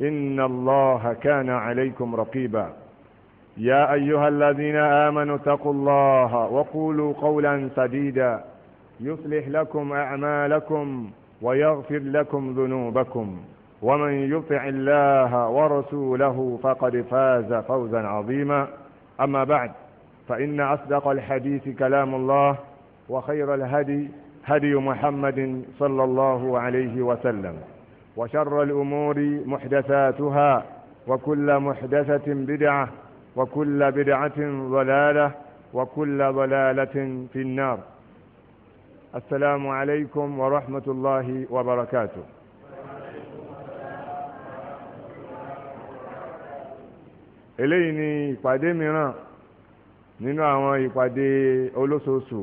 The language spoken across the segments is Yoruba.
إن الله كان عليكم رقيبا يا أيها الذين آمنوا اتقوا الله وقولوا قولا سديدا يصلح لكم أعمالكم ويغفر لكم ذنوبكم ومن يطع الله ورسوله فقد فاز فوزا عظيما أما بعد فإن أصدق الحديث كلام الله وخير الهدي هدي محمد صلى الله عليه وسلم وشر الأمور محدثاتها وكل محدثة بدعة وكل بدعة ضلالة وكل ضلالة في النار السلام عليكم ورحمة الله وبركاته eléyìí ni ìpàdé mìíràn nínú àwọn ìpàdé olóṣooṣù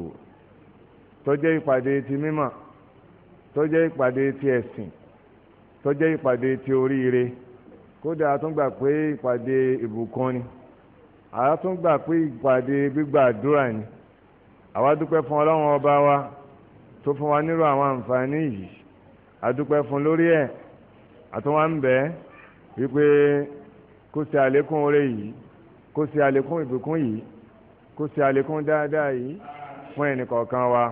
tó jẹ́ ìpàdé ti mímọ̀ tó jẹ́ ìpàdé ti ẹ̀sìn tó jẹ́ ìpàdé ti oríire kódà a tún gbà pé ìpàdé ìbùkún ni a tún gbà pé ìpàdé gbígbàdúrà ni àwa dúpẹ́ fún ọlọ́run ọba wa tó fún wa nírò àwọn àǹfààní yìí a fún lórí ẹ̀ àtúnwá ń bẹ́ẹ̀ wípé kó ṣe àlékún oore yìí kó ṣe àlékún ìbùkún yìí kó ṣe àlékún dáadáa yìí fún ẹnìkọ̀ọ̀kan wa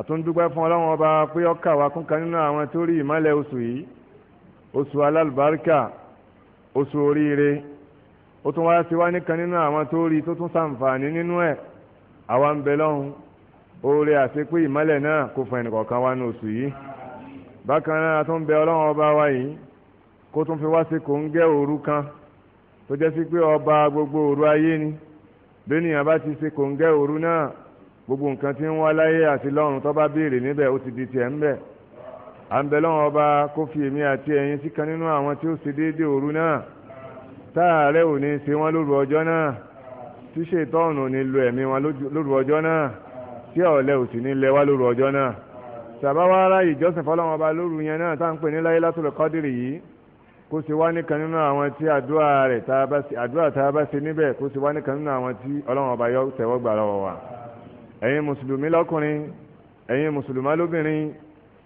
àtúndúgbẹ́ fún ọlọ́run ọba pé ọkà wa kún kan nínú àwọn tó rí ìmọ́lẹ̀ oṣù yìí oṣù alálùbáríkà oṣù oríire ó tún wá sí wá nìkan nínú àwọn tó rí tó tún sàǹfààní nínú ẹ̀ àwa ń bẹ lọ́hùn oore àti pé ìmọ́lẹ̀ náà kò fún ẹnìkọ̀ọ̀kan wa ní oṣù yìí bákan náà tó ń bẹ ọlọ́run ọba wa yìí kó tún fi wá sí kò ń gẹ́ òru kan tó jẹ́ sí pé ọba gbogbo òru ayé ni bẹ́ẹ̀ gbogbo nǹkan tí ń wá láyé àti lọ́run tó bá béèrè níbẹ̀ ó ti di tiẹ̀ ń bẹ̀ à ń bẹ lọ́wọ́n ọba kó fi èmi àti ẹ̀yin síkan nínú àwọn tí ó ṣe déédéé òru náà táàárẹ̀ ò ní ṣe wọ́n lóru ọjọ́ náà tí ṣètọ́ọ̀nù ò ní lo ẹ̀mí wọn lóru ọjọ́ náà tí ọ̀lẹ́ ò sì ní lẹ wá lóru ọjọ́ náà ṣàbáwá ìjọsìn fọlọ́wọ́n ọba lóru yẹn náà tá à ń pè ní láyé látòlù kọ́dìrì yìí kó ṣe wá nìkan nínú àwọn tí àdúrà tá a bá ṣe níbẹ̀ kó ṣe wá nìkan nínú àwọn tí ọlọ́wọ́n ọba yọ tẹ̀wọ́ gbà lọ́wọ́ wa ẹ̀yin mùsùlùmí lọ́kùnrin ẹ̀yin mùsùlùmá lóbìnrin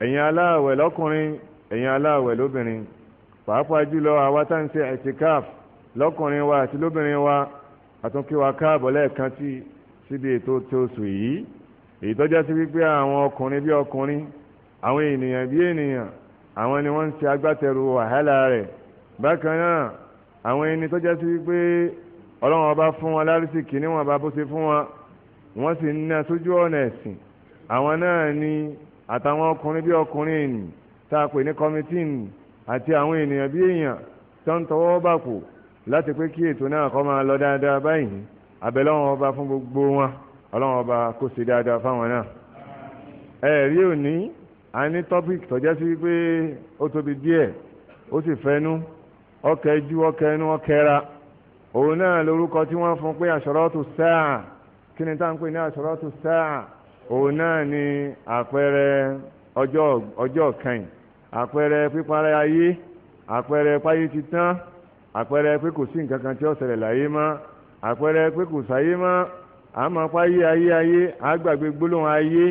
ẹ̀yin aláàwẹ̀ lọ́kùnrin ẹ̀yin aláàwẹ̀ lóbìnrin pàápàá jùlọ àwa tá à ń ṣe ẹ̀tìkáf lọ́kùnrin wa àti lóbìnrin wa àtúnkí wa káàbọ̀ lẹ́ẹ̀kan sí síbi ètò tí oṣù yìí èyí tó jásí wípé àwọn ọkùnrin bí ọkùnrin àwọn ènìyàn bí ènìyàn àwọn ni wọ́n ń ṣe agbátẹrù wàhálà rẹ̀ bákan náà àwọn ẹni tó jásí wípé ọlọ́run ọba fún wọn lárísìkì níwọ̀n bá bó ṣe fún wọn wọ́n sì ń ná sójú ọ̀nà ẹ̀sìn àwọn náà ni àtàwọn ọkùnrin bí ọkùnrin ènì tá a pè ní kọmitíìn àti àwọn ènìyàn bí èèyàn tó ń tọwọ́ bà kù láti pé kí ètò náà kó máa lọ dáadáa báyìí àbẹ̀lọ́wọ́n ọba fún gbogbo wọn ọlọ́wọ́n ọba kó ṣe dáadáa fáwọn náà. ẹ̀rí òní a ní topic tọ́já sí pé ó tóbi díẹ̀ ó sì fẹnu ọkẹ́jú ọkẹ́nu ọkẹ́ra òun náà lórúkọ tí wọ́n fún pé àṣọrọ́tù sáà kí ni táwọn pè ní àṣọrọ́tù sáà òun náà ni àpẹẹrẹ ọjọ́ kan àpẹẹrẹ píparẹ́ ayé àpẹẹrẹ páyé ti tán àpẹẹrẹ pé kò sí nǹkan kan tí ó ṣẹlẹ̀ láyé mọ́ àpẹẹrẹ pé kò sáyé mọ́ àmọ́ páyé ayé ayé àgbàgbé gbólóhùn ayé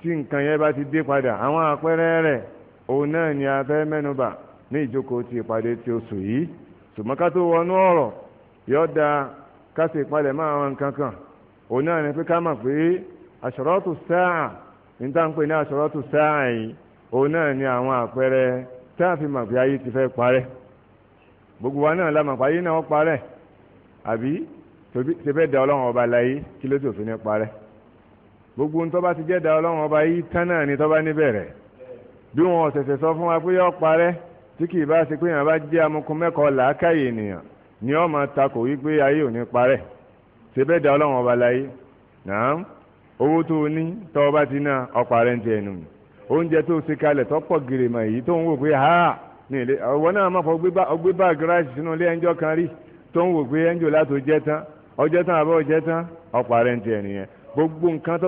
tí nǹkan yẹn bá ti dé padà àwọn àpẹẹrẹ rẹ̀ òun náà ni a fẹ́ mẹ́nubà ní ìjókòó ti ìpàdé tí oṣù yìí ṣùgbọ́n ká tó wọnú ọ̀rọ̀ yọ̀ọ́ da ká sì palẹ̀ mọ́ àwọn nǹkan kan òun náà ni pé ká mọ̀ pé àṣọrọ́tù sáà ní tá à ń pè ní àṣọrọ́tù sáà yìí òun náà ni àwọn àpẹẹrẹ tá a fi mọ̀ pé ayé ti fẹ́ parẹ́ gbogbo wa náà la mọ̀ pé ayé náà parẹ́ àbí ṣe fẹ́ da ọlọ́run ọba láyé kí ló sì òfin ní parẹ́ gbogbo ń tọ́ba ti jẹ́ da ọlọ́run ọba yìí tán náà ni tọ́ba níbẹ̀rẹ̀ bí wọn ọ̀sẹ̀sẹ̀ sọ fún wa pé yọ parẹ́ tí kì í bá ṣe pé yàrá bá jẹ́ amukun mẹ́kọ̀ọ́ làákàyè ènìyàn ni ó máa takò wípé ayé ò ní parẹ́ ṣebẹ́ da ọlọ́run ọba láyé náà owó tó o ní tọ́ ọba ti ná oúnjẹ tó o ṣe kalẹ̀ tó tó ń wò pé ha ní ilé ọwọ́ náà má fọ gbé báàgì ráìsì sínú ilé ẹjọ́ kan rí tó ń wò pé ẹjọ́ gbogbo nǹkan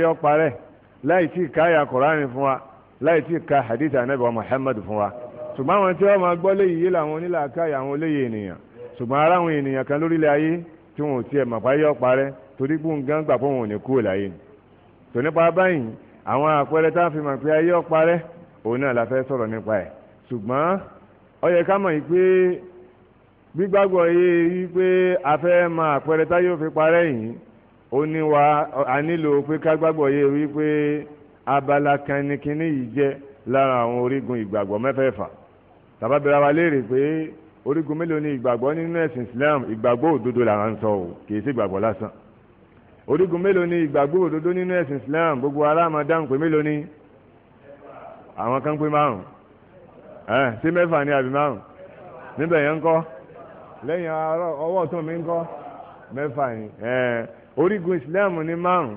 yọ parẹ́ láì tí ì ka hadith anabi Muhammad fún wa ṣùgbọ́n àwọn tí wọ́n máa gbọ́ léyìí làwọn àwọn ènìyàn ṣùgbọ́n ènìyàn kan lórílẹ̀ ayé tí wọn ò tiẹ̀ mọ̀ páyé ọ̀parẹ́ torí gbóhùn gán gbà pé wọn ò ní kúrò láyé ni tò nípa báyìí àwọn àpẹẹrẹ tá a fi mọ̀ pé ayé ọ̀parẹ́ òun náà la fẹ́ sọ̀rọ̀ nípa ẹ̀ ṣùgbọ́n ó yẹ ká mọ̀ yìí pé gbígbàgbọ́ yé yí pé a fẹ́ mọ̀ àpẹẹrẹ táyé ò fi parẹ́ yìí ó ní wa a nílò pé ká gbàgbọ́ yé wí pé abala kan ni kinní yìí jẹ́ lára àwọn orígun ìgbàgbọ́ mẹ́fẹ̀ẹ̀fà tàbá bẹ̀rẹ̀ wa léèrè pé orígun mélòó ni ìgbàgbọ́ nínú ẹ̀sìn Islam ìgbàgbọ́ òdodo là ń sọ o kì í sí ìgbàgbọ́ lásán orígun mélòó ni ìgbàgbọ́ òdodo nínú ẹ̀sìn Islam gbogbo aláàmà dáhùn pé mélòó ni àwọn kan pé márùn ẹ ṣé mẹ́fà ni àbí márùn níbẹ̀ yẹn ń kọ́ lẹ́yìn ọwọ́ tó mi ń kọ́ mẹ́fà ni ẹ orígun Islam ni márùn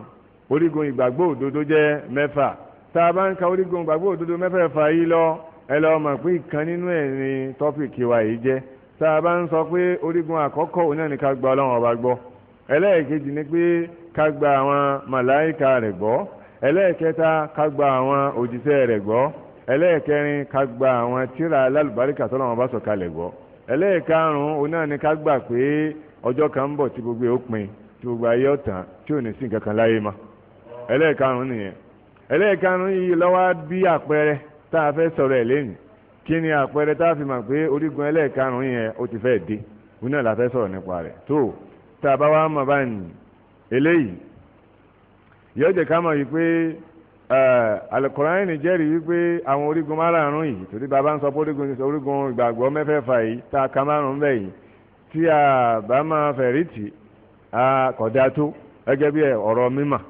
orígun ìgbàgbọ́ òdodo jẹ́ mẹ́fà tá a bá ń ka orígun ìgbàgbọ́ ẹ ọmọ mọ̀ pé ìkan nínú ẹ̀ ni tọ́pìkì wa yìí jẹ́ tá a bá ń sọ pé orígun àkọ́kọ́ òun náà gba ọlọ́run ọba gbọ́ ẹlẹ́ẹ̀kejì ni pé ká gba àwọn màláìka rẹ̀ gbọ ẹlẹ́ẹ̀kẹta ká gba àwọn ẹlẹ́ẹ̀kẹrin ká gba àwọn tíra alálùbáríkà òun náà ni ká gbà pé ọjọ́ kan ń bọ̀ tí tí gbogbo ayé ọ̀tàn tí ò ní sí nǹkan kan láyé nìyẹn tá a fẹ́ sọ̀rọ̀ ẹ̀ lẹ́nu kí ni àpẹẹrẹ tá a fi mọ̀ pé orígun ẹlẹ́ẹ̀karùn-ún yẹn ó ti fẹ́ dé òun náà la fẹ́ sọ̀rọ̀ nípa rẹ̀ tó tá a bá wá mọ̀ báyìí eléyìí yóò jẹ́ ká mọ̀ yìí pé alukoran ni jẹ́rìí wípé àwọn orígun márààrún yìí torí bàbá ń sọ pé orígun orígun ìgbàgbọ́ mẹ́fẹ̀ẹ̀fà yìí tá a ka márùn-ún bẹ́ẹ̀ yìí tí a bá máa fẹ̀rí tì kódà tó gẹ́gẹ́ bí ọ̀rọ̀ mímọ̀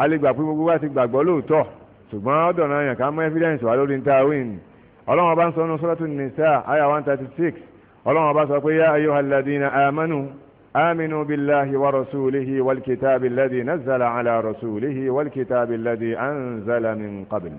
a lè gbogbo wa ti gbàgbọ́ lóòótọ́ ṣùgbọ́n ọ̀dọ̀ náà yàn ká mú evidence wà lórí níta wíìn ọlọ́run ọba ń sọ nínú sọ́lọ́tù nìsa àyà one thirty six ọlọ́run ọba sọ pé yá ayọ́ aladina amanu aminu billahi wa rasulihi wal kitabi ladi nazala ala rasulihi wal kitabi ladi anzala min qabli.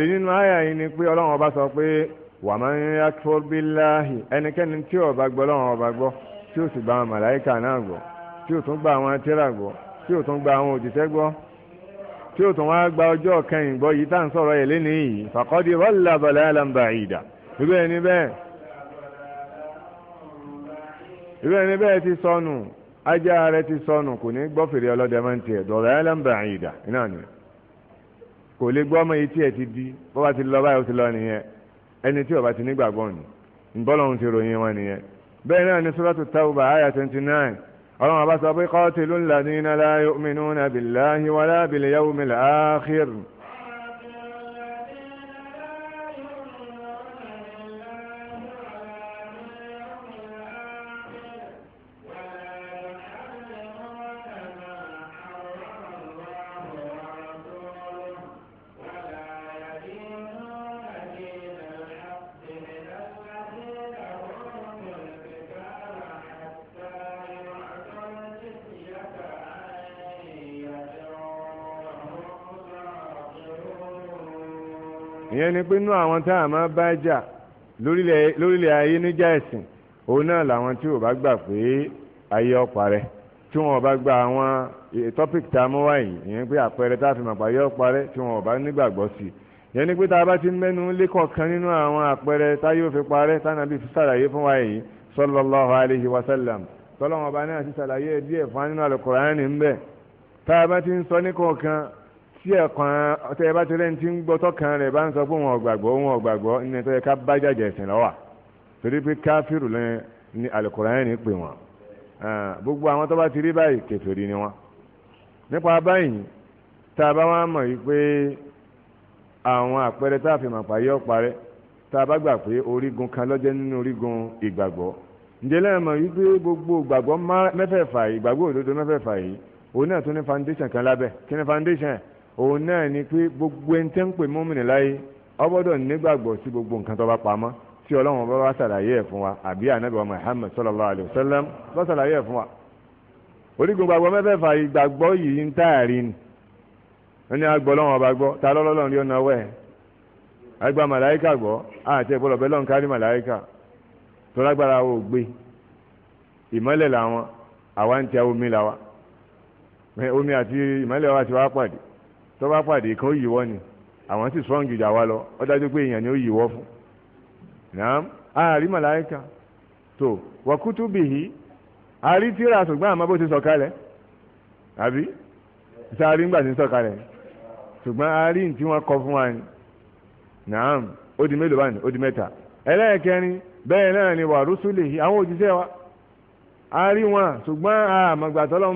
ẹ̀rí nínú àyà yìí ni pé ọlọ́run ọba sọ pé wa man yakfur billahi ẹnikẹ́ni tí ó bá gbọ́ ọlọ́run ọba gbọ́ tí ó sì gba àwọn màláìkà náà gbọ́ tí ó tún gba àwọn tírà gbọ́ tí ó tún gba àwọn òjíṣẹ́ gbọ́ tí ó tún wá gba ọjọ́ kẹyìn gbọ́ yìí tá à ń sọ̀rọ̀ ẹ̀ lẹ́nu yìí faqad dhalla dhalalan ba'ida irú ẹni bẹ́ẹ̀ irú bẹ́ẹ̀ ti sọnù kò lè gbọ́ ọmọ yìí tí ẹ ti di bó bá ti lọ báyìí ó ti lọ nìyẹn ẹni tí ó bá ti nígbàgbọ́ ni ìbọ́lọ́hún ti ròyìn wọn nìyẹn bẹ́ẹ̀ náà ni suratu tawba àyà twenty nine ọlọ́run àbá sọ pé qatilul ladina la yu'minuna billahi wala bil yawmil akhir. ìyẹn ni pé inú àwọn tá a máa bá jà lórílẹ̀ ayé níjà ẹ̀sìn òun náà làwọn tí ò bá gbà pé ayé ọ̀pá rẹ̀ tí wọn bá gba àwọn eh, topic tá a mú wá yìí ìyẹn pé àpẹẹrẹ tá a fi màpá ayé ọ̀pá rẹ̀ tí wọn bá nígbàgbọ́ sí i ìyẹn ni pé tá a bá ti mẹ́nu lékọ̀ọ̀kan nínú àwọn àpẹẹrẹ táyé òfin parẹ́ tánàbí fi sàlàyé fún wa yìí sallallahu alayhi wa sallam tọ́lọ́wọ́n ọba náà ti sàlàyé díẹ̀ fún wa nínú àlùkùránì ń tí ẹ̀kan ọ̀tẹ́ ẹ bá ti lẹ́ni tí ń gbọ́ tọ́kàn rẹ̀ bá ń sọ pé wọn ọ̀gbàgbọ́ wọn ọ̀gbàgbọ́ ní ẹ̀tọ́ yẹ ká bá jàjẹ̀ ẹ̀sìn lọ́wà torí pé káfíìrù lẹ́yìn ní alukóran ní pè wọ́n gbogbo àwọn tó bá ti rí báyìí kèfèrí ni wọ́n. nípa báyìí tá a bá wá mọ̀ yìí pé àwọn àpẹẹrẹ tá a fi màpá yọ parẹ́ tá a bá gbà pé orígun kan ló nínú orígun ìgbàgbọ́ ǹjẹ́ lẹ́yìn mọ̀ yìí pé foundation kan lábẹ́ kí foundation òun náà ni pé gbogbo ẹni tẹ́ ń pè mọ́mìnì láyé ọgbọ́dọ̀ nígbàgbọ́ sí gbogbo nǹkan tó bá pamọ́ tí ọlọ́run bá wá ṣàlàyé ẹ̀ fún wa àbí ànábì wa Muhammad sallallahu alayhi wa sallam bá ṣàlàyé ẹ̀ fún wa orígun gbàgbọ́ mẹ́fẹ̀ẹ̀fà ìgbàgbọ́ yìí ń táàrí ni wọ́n ní agbọ́ lọ́wọ́ ọba gbọ́ ta lọ́lọ́lọ́run yóò náwó ẹ̀ agba màláíkà gbọ́ àti ẹ̀gbọ́dọ̀ bẹ́ẹ̀ lọ́n kárí màláíkà tó lágbára wo gbé ìmọ́lẹ̀ làwọn àwa ń tẹ omi làwa omi àti ìmọ́lẹ̀ wa ti wá pàdé tó bá pàdé kan ó ni àwọn sì sọ́ọ̀n jùjà wa lọ ọ dájú pé èèyàn ni ó yíwọ́ fún nàám àárí màláìka tó wàkútù bìhí àárí tíra ṣùgbọ́n àmọ́ bó ti sọ kalẹ̀ àbí sáré ńgbà tí ń sọ kalẹ̀ ṣùgbọ́n àárí tí wọ́n kọ fún wa ni nàám ó di mélòó báyìí ó di mẹ́ta ẹlẹ́ẹ̀kẹrin bẹ́ẹ̀ náà ni àwọn òjíṣẹ́ wa àárí wọn ṣùgbọ́n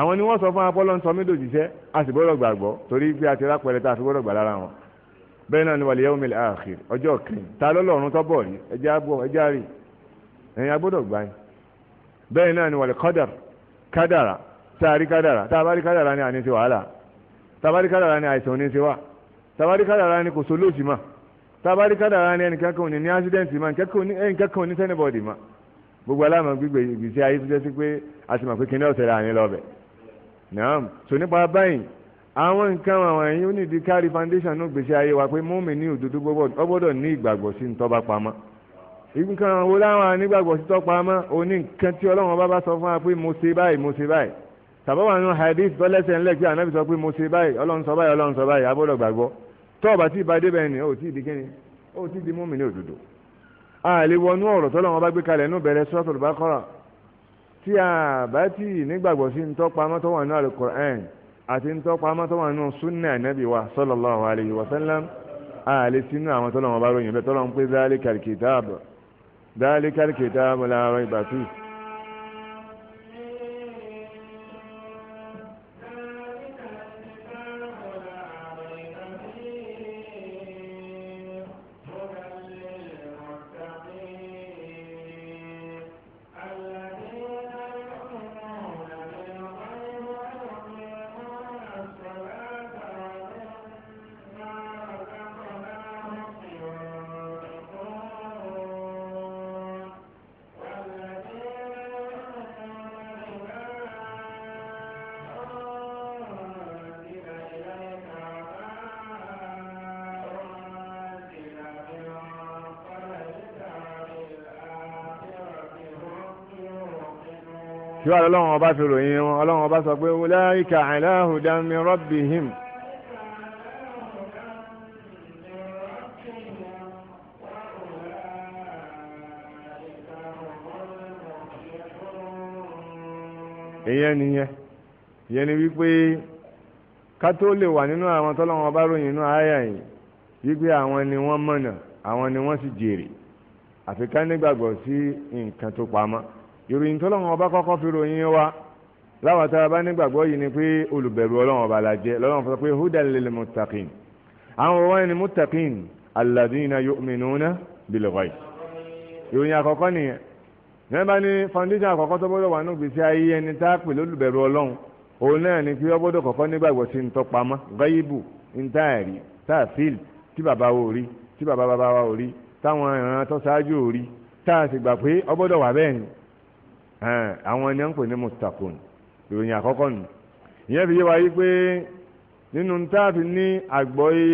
àwọn ni wọ́n sọ fún apọ́lọ́ ń sọmídò jíṣẹ́ a sì gbọ́dọ̀ gbàgbọ́ torí pé a ti rápẹ̀lẹ̀ tá a fi gbọ́dọ̀ gbà lára wọn bẹ́ẹ̀ náà ni wal yawmil akhir ọjọ́ kìíní ta lọ́lọ́run tọ́bọ̀ rí ẹja bọ̀ ẹja rí ẹ̀yin agbọ́dọ̀ gbà yín bẹ́ẹ̀ náà ni wal qadar kádàrà tá a rí kádàrà tá a bá rí kádàrà ni àní ti wàhálà tá a bá rí kádàrà ni àìsàn ní ti wà tá a bá rí kádàrà ni kò solóòsì mà tá a bá rí kádàrà ni ẹnìkankan ò ní ní mà ẹnìkankan ò sẹ́nìbọ̀dì mà gbogbo aláàmọ̀ gbígbé ayé tó jẹ́ sí pé a ti mọ̀ pé kíní ọ̀sẹ̀ rà ní lọ́bẹ̀ẹ́ naam so nípa báyìí àwọn nǹkan àwọn ẹ̀yìn ó nídìí kárí foundation náà gbèsè ayé wa pé mọ́mì ní òdodo gbọ́dọ̀ ní ìgbàgbọ́ sí ntọ́ba pamọ́ nǹkan wo láwọn anígbàgbọ́ sí tọ́pa mọ́ oní nǹkan tí ọlọ́run ọba bá sọ fún wa pé mo ṣe báyìí mo ṣe báyìí tàbáwá nínú hadith tọ́lẹ́sẹ̀ ńlẹ̀ tí ànábì sọ pé mo ṣe báyìí ọlọ́run sọ báyìí ọlọ́run sọ báyìí abọ́dọ̀ gbàgbọ́ tọ́ọ̀bà tí ìbá débẹ̀ ni ó ti di kíni ó ti di mọ́mì ní òdodo àlè wọnú ọ̀rọ̀ tọ́lọ́run ọba gbé kalẹ̀ nú bẹ̀rẹ̀ sọ́tòlùbákọ́rà tí a bá tí nígbàgbọ́ sí ń tọ́pa mọ́tọ́ wà ní alukur'an àti ń tọ́pa mọ́tọ́ wà ní sunna anabi wa sallallahu alayhi wa sallam a lè sínú àwọn tọ́lọ́wọ́n ròyìn bẹ́ẹ̀ tọ́lọ́wọ́n pé dáálí kàlkìtàbù dáálí kàlkìtàbù la rayba kí wàá lọ́wọ́ ọba fi ròyìn wọn ọlọ́wọ́ ọba sọ pé ulaika ala hudan min rabbihim. èyàn nìyẹn ìyẹn ni wípé ká tó lè wà nínú àwọn tọ́lọ́wọ́n ọba ròyìn inú àyà yìí wípé àwọn ni wọ́n mọ̀nà àwọn ni wọ́n sì jèrè àfi nígbàgbọ́ sí nǹkan tó pamọ́ ìròyìn tọ́lọ́run ọba kọ́kọ́ fi ròyìn wa láwọn tá a bá nígbàgbọ́ yìí ni pé olùbẹ̀rù ọlọ́run ọba la jẹ́ lọ́lọ́run fún pé hudan lil muttaqin àwọn wọn ni muttaqin alladhina yu'minuna bil ghaib ìròyìn àkọ́kọ́ nìyẹn ní bá ní foundation àkọ́kọ́ tó gbọ́dọ̀ wà ní gbèsè ayé ẹni tá a pè lólùbẹ̀rù ọlọ́run òun náà ni pé ó gbọ́dọ̀ kọ́kọ́ nígbàgbọ́ sí ntọ́pamọ́ gáyìbù ntáàrí táàfíìl tí bàbá wa rí tí bàbá bàbá wa rí táwọn ìran tó ṣáájú rí tá sì gbà pé ó gbọ́dọ̀ wà bẹ́ẹ̀ ni àwọn ẹni à ń pè ní mustapon ìròyìn àkọ́kọ́ nù ìyẹn fi yé wa yí pé nínú táàfin ní àgbọ́yé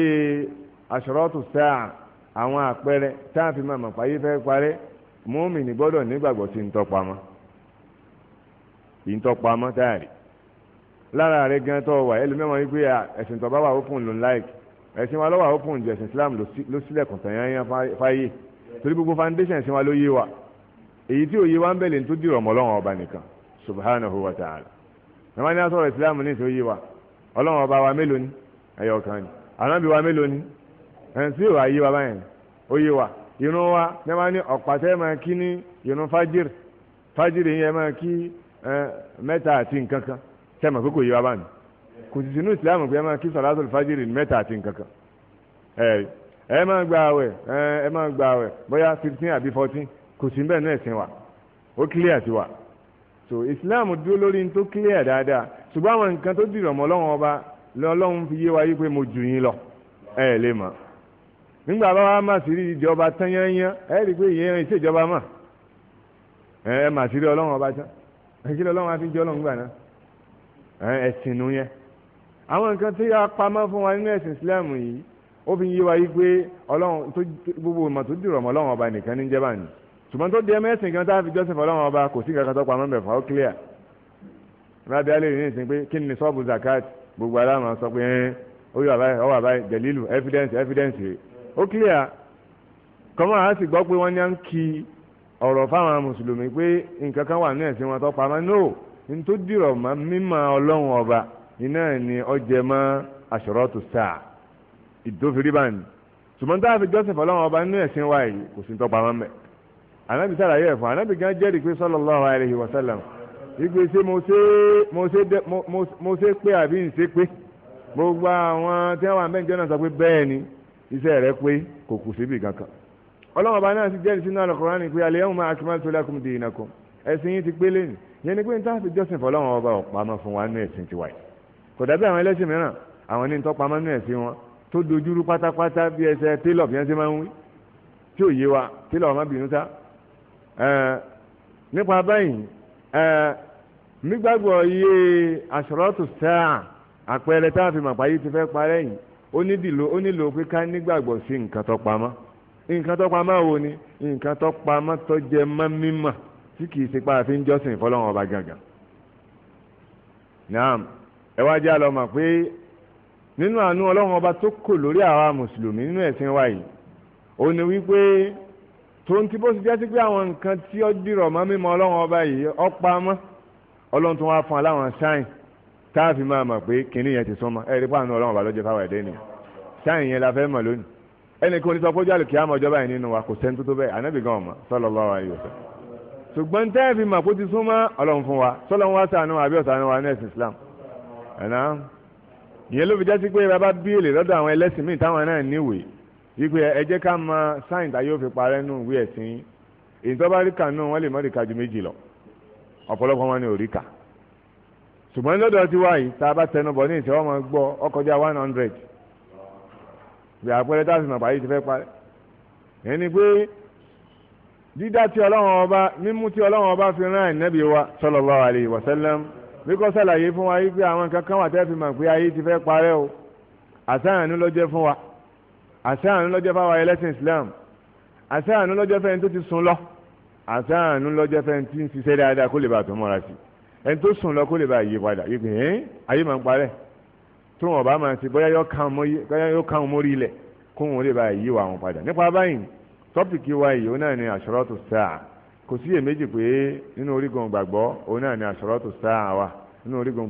aṣọ́rọ́tù sáà àwọn àpẹẹrẹ táàfin máa mọ̀pá yí fẹ́ parẹ́ mùmínì gbọ́dọ̀ nígbàgbọ́ sí ntọ́pamọ́ ìntọ́pamọ́ táàrí lára rẹ̀ gan tó wà ẹlòmíràn yí pé ẹ̀sìn tó wà open ló ń láìkì ẹ̀sìn wa ló wà open jù ẹ̀sìn Islam ló sílẹ̀kùn tàn yányán fáyé torí gbogbo foundation ẹ̀sìn wa ló yé wa. èyí tí òye wa ń bẹ̀lẹ̀ tó dìrọ̀ ọba nìkan subhanahu wa ta'ala nàmá a asọ̀rọ̀ ìsìlámù ní ìsòye wa ọba wa mélòó ni ẹ̀yọ̀ kan ni ànábì wa mélòó ni ẹ̀ǹ tí ò ayé wa báyẹn òye wa irun wa nàmá ní ọ̀pàtẹ́ máa kí yẹn máa kí mẹ́ta àti nǹkan kan wa kò kò sí bẹ́ẹ̀ náà ẹ̀sìn wa ó clear sí wa so Islam dúró lórí ní tó clear dáadáa ṣùgbọ́n àwọn nǹkan tó dìrọ̀ mọ́ ọlọ́run ọba lọ́lọ́run fi yé wa yí pé mo jù yín lọ ẹ lè mọ̀ nígbà bá wa má sí rí ìjọba tán yányán ẹ rí i pé ìyẹn ìṣèjọba mà ẹ má sí rí ọlọ́run ọba tán ẹ kí lọ́lọ́run á fi jẹ́ ọlọ́run gbà náà ẹ̀sìn nu yẹn àwọn nǹkan tí a pamọ́ fún wa nínú ẹ̀sìn Islam yìí ó fi yé wa yí pé ọlọ́run gbogbo ìmọ̀ tó dìrọ̀ mọ́ ọlọ́run ọba nìkan ní jẹ́ báyìí ṣùgbọ́n tó di ẹ mẹ́sìn gan tá a fi jọ́sìn fọlọ́run ọba kò sí kankan tó pa mọ́ mẹ́fà ó clear rábí alẹ́ ní ìsìn pé kí ni sọ́ọ̀bù zakat gbogbo aláàmà sọ pé ẹ́ ó yọ àbáyé ọwọ́ àbáyé dẹ̀lílù evidence evidence rẹ̀ ó clear kọ́mọ́ àá sì gbọ́ pé wọ́n ní à ń ki ọ̀rọ̀ fáwọn mùsùlùmí pé nǹkan kan wà ní ẹ̀sìn wọn tó pa mọ́ no n tó dìrọ̀ mọ́ mímọ́ ọlọ́run ọba iná ni ọjẹ́ mọ́ àṣọrọ́tù sáà ìdófiribáni ṣùgbọ́n tá a fi jọ́sìn fọlọ́run ọba nínú ẹ̀sìn wa yìí kò sí ní tọ́pa mọ́ mẹ́ẹ̀ anabi sàlàyé ẹ̀fọn anabi gan jẹ́rìí pé sallallahu alaihi wasallam ìgbé ṣe mo ṣe mo ṣe pé àbí ṣe pé gbogbo àwọn tí wọ́n wà mẹ́jọ náà sọ pé bẹ́ẹ̀ ni iṣẹ́ rẹ pé kò kù síbi kankan ọlọ́run ọba náà sì jẹ́rìí sínú Al-Qur'ani pé al-yawma akmaltu lakum dinakum ẹ̀sìn yìí ti pé lẹ́nu yẹn ni pé níta fi jọ́sìn fọlọ́run ọba ọ̀pamọ́ fún wa nínú ẹ̀sìn tiwa yìí kò dàbí àwọn ẹlẹ́sìn mìíràn àwọn ní tọ́pamọ́ nínú ẹ̀sìn wọn tó dojúrú pátápátá bí ẹsẹ̀ télọ̀ fi ẹsẹ̀ máa ń wí tí ò yé wa télọ̀ ọmọbìnrin ta nípa báyìí nígbàgbọ́ iye àṣọrọ́tù sáà àpẹẹrẹ tá a fi màpá yìí ti fẹ́ parẹ́ yìí ó nídìlò ó nílò pé ká nígbàgbọ́ sí nǹkan tó pamọ́ nǹkan tó pamọ́ wo ni nǹkan tó pamọ́ tó jẹ mọ́ mímọ́ tí kìí ṣe pa àfin jọ́sìn fọlọ́run ọba gangan. naam ẹ wá jẹ́ àlọ́ mọ̀ pé nínú àánú ọlọ́run ọba tó kò lórí àwa mùsùlùmí nínú ẹ̀sìn wa yìí ó ní wípé tòun ti bó ti jásí pé àwọn nǹkan tí ó dìrọ̀ mọ́ mímọ́ ọlọ́run ọba yìí ó pa mọ́ ọlọ́run tó wá fún aláwọn sáìn tá a fi máa mọ̀ pé kinní yẹn ti súnmọ́ ẹ̀rí pàánù ọlọ́run ọba ló fáwọn ẹ̀dẹ́ nìyẹn sáìn yẹn la fẹ́ mọ̀ lónìí ẹnì kan onítọ́ fójú àlùkí àmọ́ ọjọ́ báyìí nínú wa kò sẹ́ni tó tó bẹ́ẹ̀ ànábì gan ọmọ sallallahu alaihi wasallam ṣùgbọ́n tẹ́ ẹ fi mà kó ti súnmọ́ ọlọ́run fún wa sọ́lọ́ wa sànù àbí ọ̀sánù wa nẹ́ẹ̀sì Islam ẹ̀nà ìyẹn ló fi jásí pé bàbá bíèlè lọ́dọ̀ àwọn ẹlẹ́sìn míì táwọn náà níwèé wípé ẹ jẹ́ ká mọ sáyìn tá yóò fi parẹ́ nù ìwé ẹ̀sìn èyí tó bá rí kà náà wọ́n lè mọ́ rí ka ju méjì lọ ọ̀pọ̀lọpọ̀ wọn ni ò rí kà ṣùgbọ́n lọ́dọ̀ ti wá yìí tá a bá tẹnu bọ̀ ní ìṣẹ́wọ́n máa gbọ́ ọkọjá one hundred bí àpẹẹrẹ táàsì mọ̀ báyìí ti fẹ́ parẹ́ ẹni ni pé dídá tí ọlọ́run ọba mímú tí ọlọ́run ọba fi rán ànábì wa sallallahu alaihi wasallam bí kò sàlàyé fún wa yìí pé àwọn kankan wà tẹ́ fi mọ̀ pé ayé ti fẹ́ parẹ́ o àtàyànú ló jẹ́ fún wa àṣẹ àánú lọ́jọ́ fáwọn ẹlẹ́sìn Islam àṣẹ àánú lọ́jọ́ fẹ́ni tó ti sùn lọ àṣẹ àánú lọ́jọ́ fẹ́ni tí ń ṣiṣẹ́ dáadáa kó lè bá tó mọ́ra sí ẹni tó sùn lọ kó lè bá yí padà yí pé ẹ́n ayé máa ń parẹ́ tó wọn bá máa ṣe bóyá yóò kàn mórí ilẹ̀ kó wọn lè bá yí wa wọn padà nípa báyìí tọ́pìkì wa yìí ó náà ní àṣọrọ́tò sáà kò sí èméjì pé nínú orígun gbàgbọ́ ó náà ní àṣọrọ́tò sáà wa nínú orígun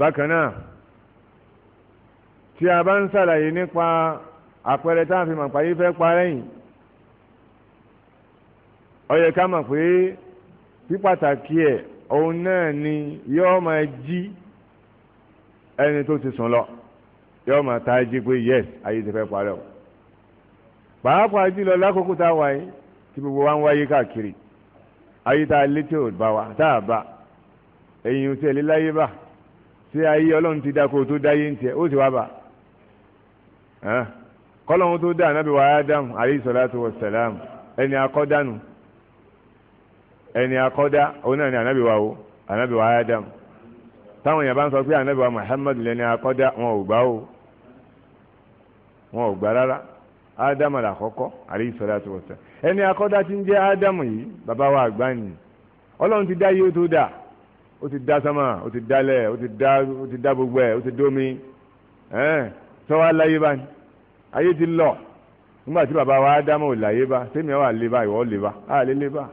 bákan náà tí a bá ń ṣàlàyé nípa àpẹẹrẹ tá a fi mọ̀ pàyé fẹ́ parẹ́ yìí ó ká mọ̀ pé pípàtàkì ẹ̀ òun náà ni yóò máa jí ẹni tó ti sùn lọ yóò máa ta jí pé yes ayé ti fẹ́ parẹ́ o pàápàá jùlọ lákòókò tá a wà yìí tí gbogbo wa ń wáyé káàkiri ayé tá a létí ò wa tá a bá ẹ̀yìn ò tẹ̀lé láyé bá tí ayé ọlọ́run ti dáko tó dáyé ń tiẹ̀ ó ti wá bà kọ́lọ́run tó dá anábì wa ádámù alayhi salatu wa salam ẹni akọ́dánù ẹni akọ́dá òun náà ni anábì wa o anábì wa ádámù táwọn èèyàn bá ń sọ pé anábì wa muhammadu lẹni akọ́dá wọn ò gbà o wọn ò gbà rárá ádámù làkọ́kọ́ alayhi salatu wa salam ẹni akọ́dá ti ń jẹ́ ádámù yìí bàbá wa àgbà nìyí ọlọ́run ti dáyé ó tó dáa o ti dá sámà ó ti dálẹ̀ o ti dá o ti dá gbogbo ẹ̀ ó ti dómi ẹ̀ẹ́n tọ́wá láyé bá ní ayé ti lọ nígbà tí bàbá wa Ádámù láyé bá sẹ́mi àwọn àlebá ìwọ́ lébá àlè lébá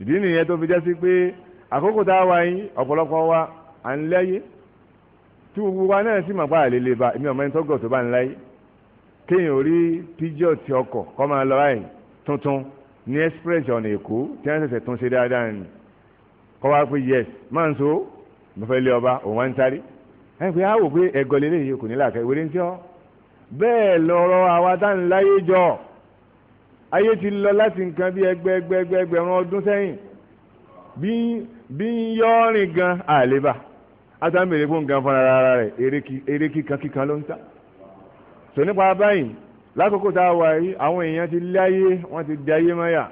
ìdí nìyẹn tó fi jẹ́ sí pé àkókò tá a wá yín ọ̀pọ̀lọpọ̀ wa à ń lẹ́yé tí gbogbo wa náà sì mà pa àlè lébá èmi ọ̀mọ ẹni tọ́gọ̀ tó bá ń láyé kéèyàn rí píjọ́ ti ọkọ̀ kọ́ máa lọ ráì tuntun ní express ọ̀nà Èkó tí wọ́n ṣẹ̀ṣẹ̀ tún ṣe dáadáa nìyẹn kọ́ wá pé yes máa ń so mo fẹ́ lé ọba òun wá ń sáré ẹ pé á wò pé ẹ̀gọ́ lélẹ̀ yìí kò ní làákẹ́ wéré ń tí ọ́ bẹ́ẹ̀ lọ́rọ̀ àwa tá ń láyé jọ ayé ti lọ láti nǹkan bí ẹgbẹẹgbẹẹgbẹẹgbẹ̀rún ọdún sẹ́yìn bí bí ń yọ ọrìn gan àlébà àtàmìlẹ̀ fún nǹkan fúnra ara rẹ̀ eré kíkan kíkan ló ń ta sọ nípa báyìí lákòókò tá a wà yìí àwọn èèyàn ti láyé wọ́n ti di ayé mọ́yà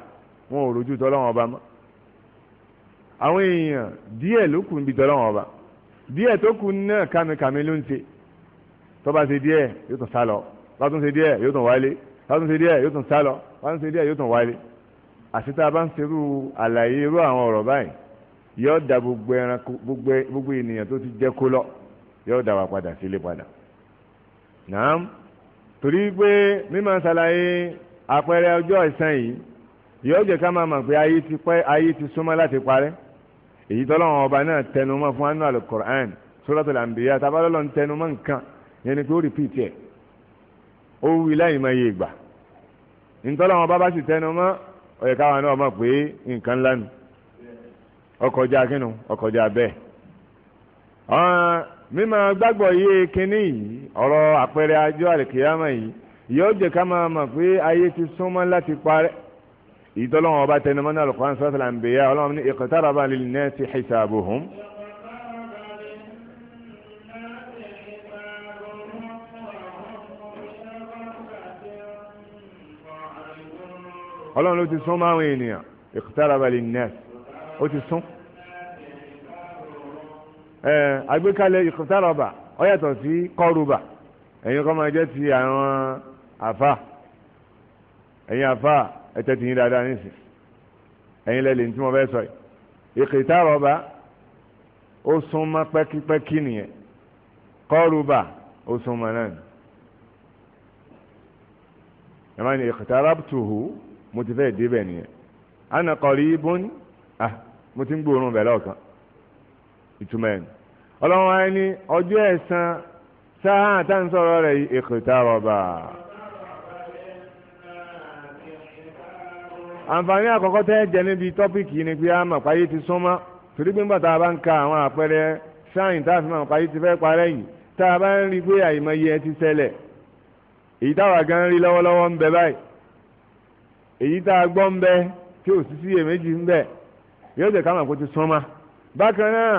wọn ò rojú tọ́lọ́wọ́n ọba mọ́ àwọn èèyàn díẹ̀ ló kù níbi tọ́lọ́wọ́n ọba díẹ̀ tó kù náà kàmìkàmì ló ń ṣe tó bá ṣe díẹ̀ yóò tún sá lọ bá tún ṣe díẹ̀ yóò tún wálé bá tún ṣe díẹ̀ yóò tún sá lọ bá tún ṣe díẹ̀ yóò tún wálé àti tá a bá ń ṣerú àlàyé irú àwọn ọ̀rọ̀ báyìí yóò da gbogbo ẹranko gbogbo ènìyàn tó ti jẹ́ kó lọ yóò da wa padà sílé padà nàám torí pé mímọ̀ ṣàlàyé àpẹẹrẹ ọjọ́ ìsàn yìí yóò jẹ́ ká máa mọ̀ pé ayé ti súnmọ́ láti parẹ́ èyí tọ́lọ́wọ́n ọba náà tẹnumọ́ fún anú alukur'an suratul anbiya tabalọ́lọ́ ń tẹnumọ́ nǹkan yẹn ni pé ó repeat ẹ̀ ó wí láì máa yé ìgbà ntọ́lọ́wọ́n ọba bá sì tẹnumọ́ ó yẹ káwọn náà mọ̀ pé nǹkan ńlá nu ọkọjá kínú ọkọjá bẹ́ẹ̀ mímọ gbàgbọ́ yé kínní yìí ọ̀rọ̀ àpẹẹrẹ ajọ́ àlìkìyàmọ̀ yìí yóò jẹ́ ká máa mọ̀ pé ayé ti súnmọ́ láti parẹ́ ìtọ́lọ́wọ́n ọba tẹnumọ́ náà lọ́kọ́ sọ́tà làǹbẹ̀yà ọlọ́run ní iqtaraba lin-nasi hisabuhum. ọlọ́run ló ti sún máwọn ènìyàn iqtaraba lin-nasi ó ti sún. àgbékalẹ̀ iqtaraba ó yàtọ̀ sí qaruba ẹ̀yin kọ́ máa jẹ́ ti àwọn àfa ẹ̀yin àfa ẹ̀tẹ́ ti yín dáadáa nísìn ẹ̀yin lẹ́lẹ̀ tí mo fẹ́ sọ yìí ìkìtà rọ̀bà ó súnmọ́ pẹ́kípẹ́kí nìyẹn kọ́rùbà ó súnmọ́ náà ni ẹ̀ máa ní ìkìtà rábùtùhù mo ti fẹ́ débẹ̀ nìyẹn ana qaribun ah mo ti ń gbóòórùn bẹ̀ lọ́ọ̀kan ìtumọ̀ ẹ̀ ọlọ́run wa ọjọ́ ẹ̀san sáà tá à ń sọ̀rọ̀ rẹ̀ ìkìtà rọ̀bà. àǹfààní àkọ́kọ́ tẹ́ jẹ níbi tọ́pìkì ni pé àmọ̀ páyé ti súnmọ́ torí pé nígbà tá a bá ń ka àwọn àpẹẹrẹ sáyìn tá a fi mọ̀ páyé ti fẹ́ parẹ́ yìí tá a bá ń rí i pé àìmọye ẹ ti ṣẹlẹ̀ èyí táwa gan rí lọ́wọ́lọ́wọ́ ń bẹ báyìí èyí tá a gbọ́ ń bẹ tí ò sí sí èméjì ń bẹ yóò jẹ́ ká mọ̀ kó ti súnmọ́ bákan náà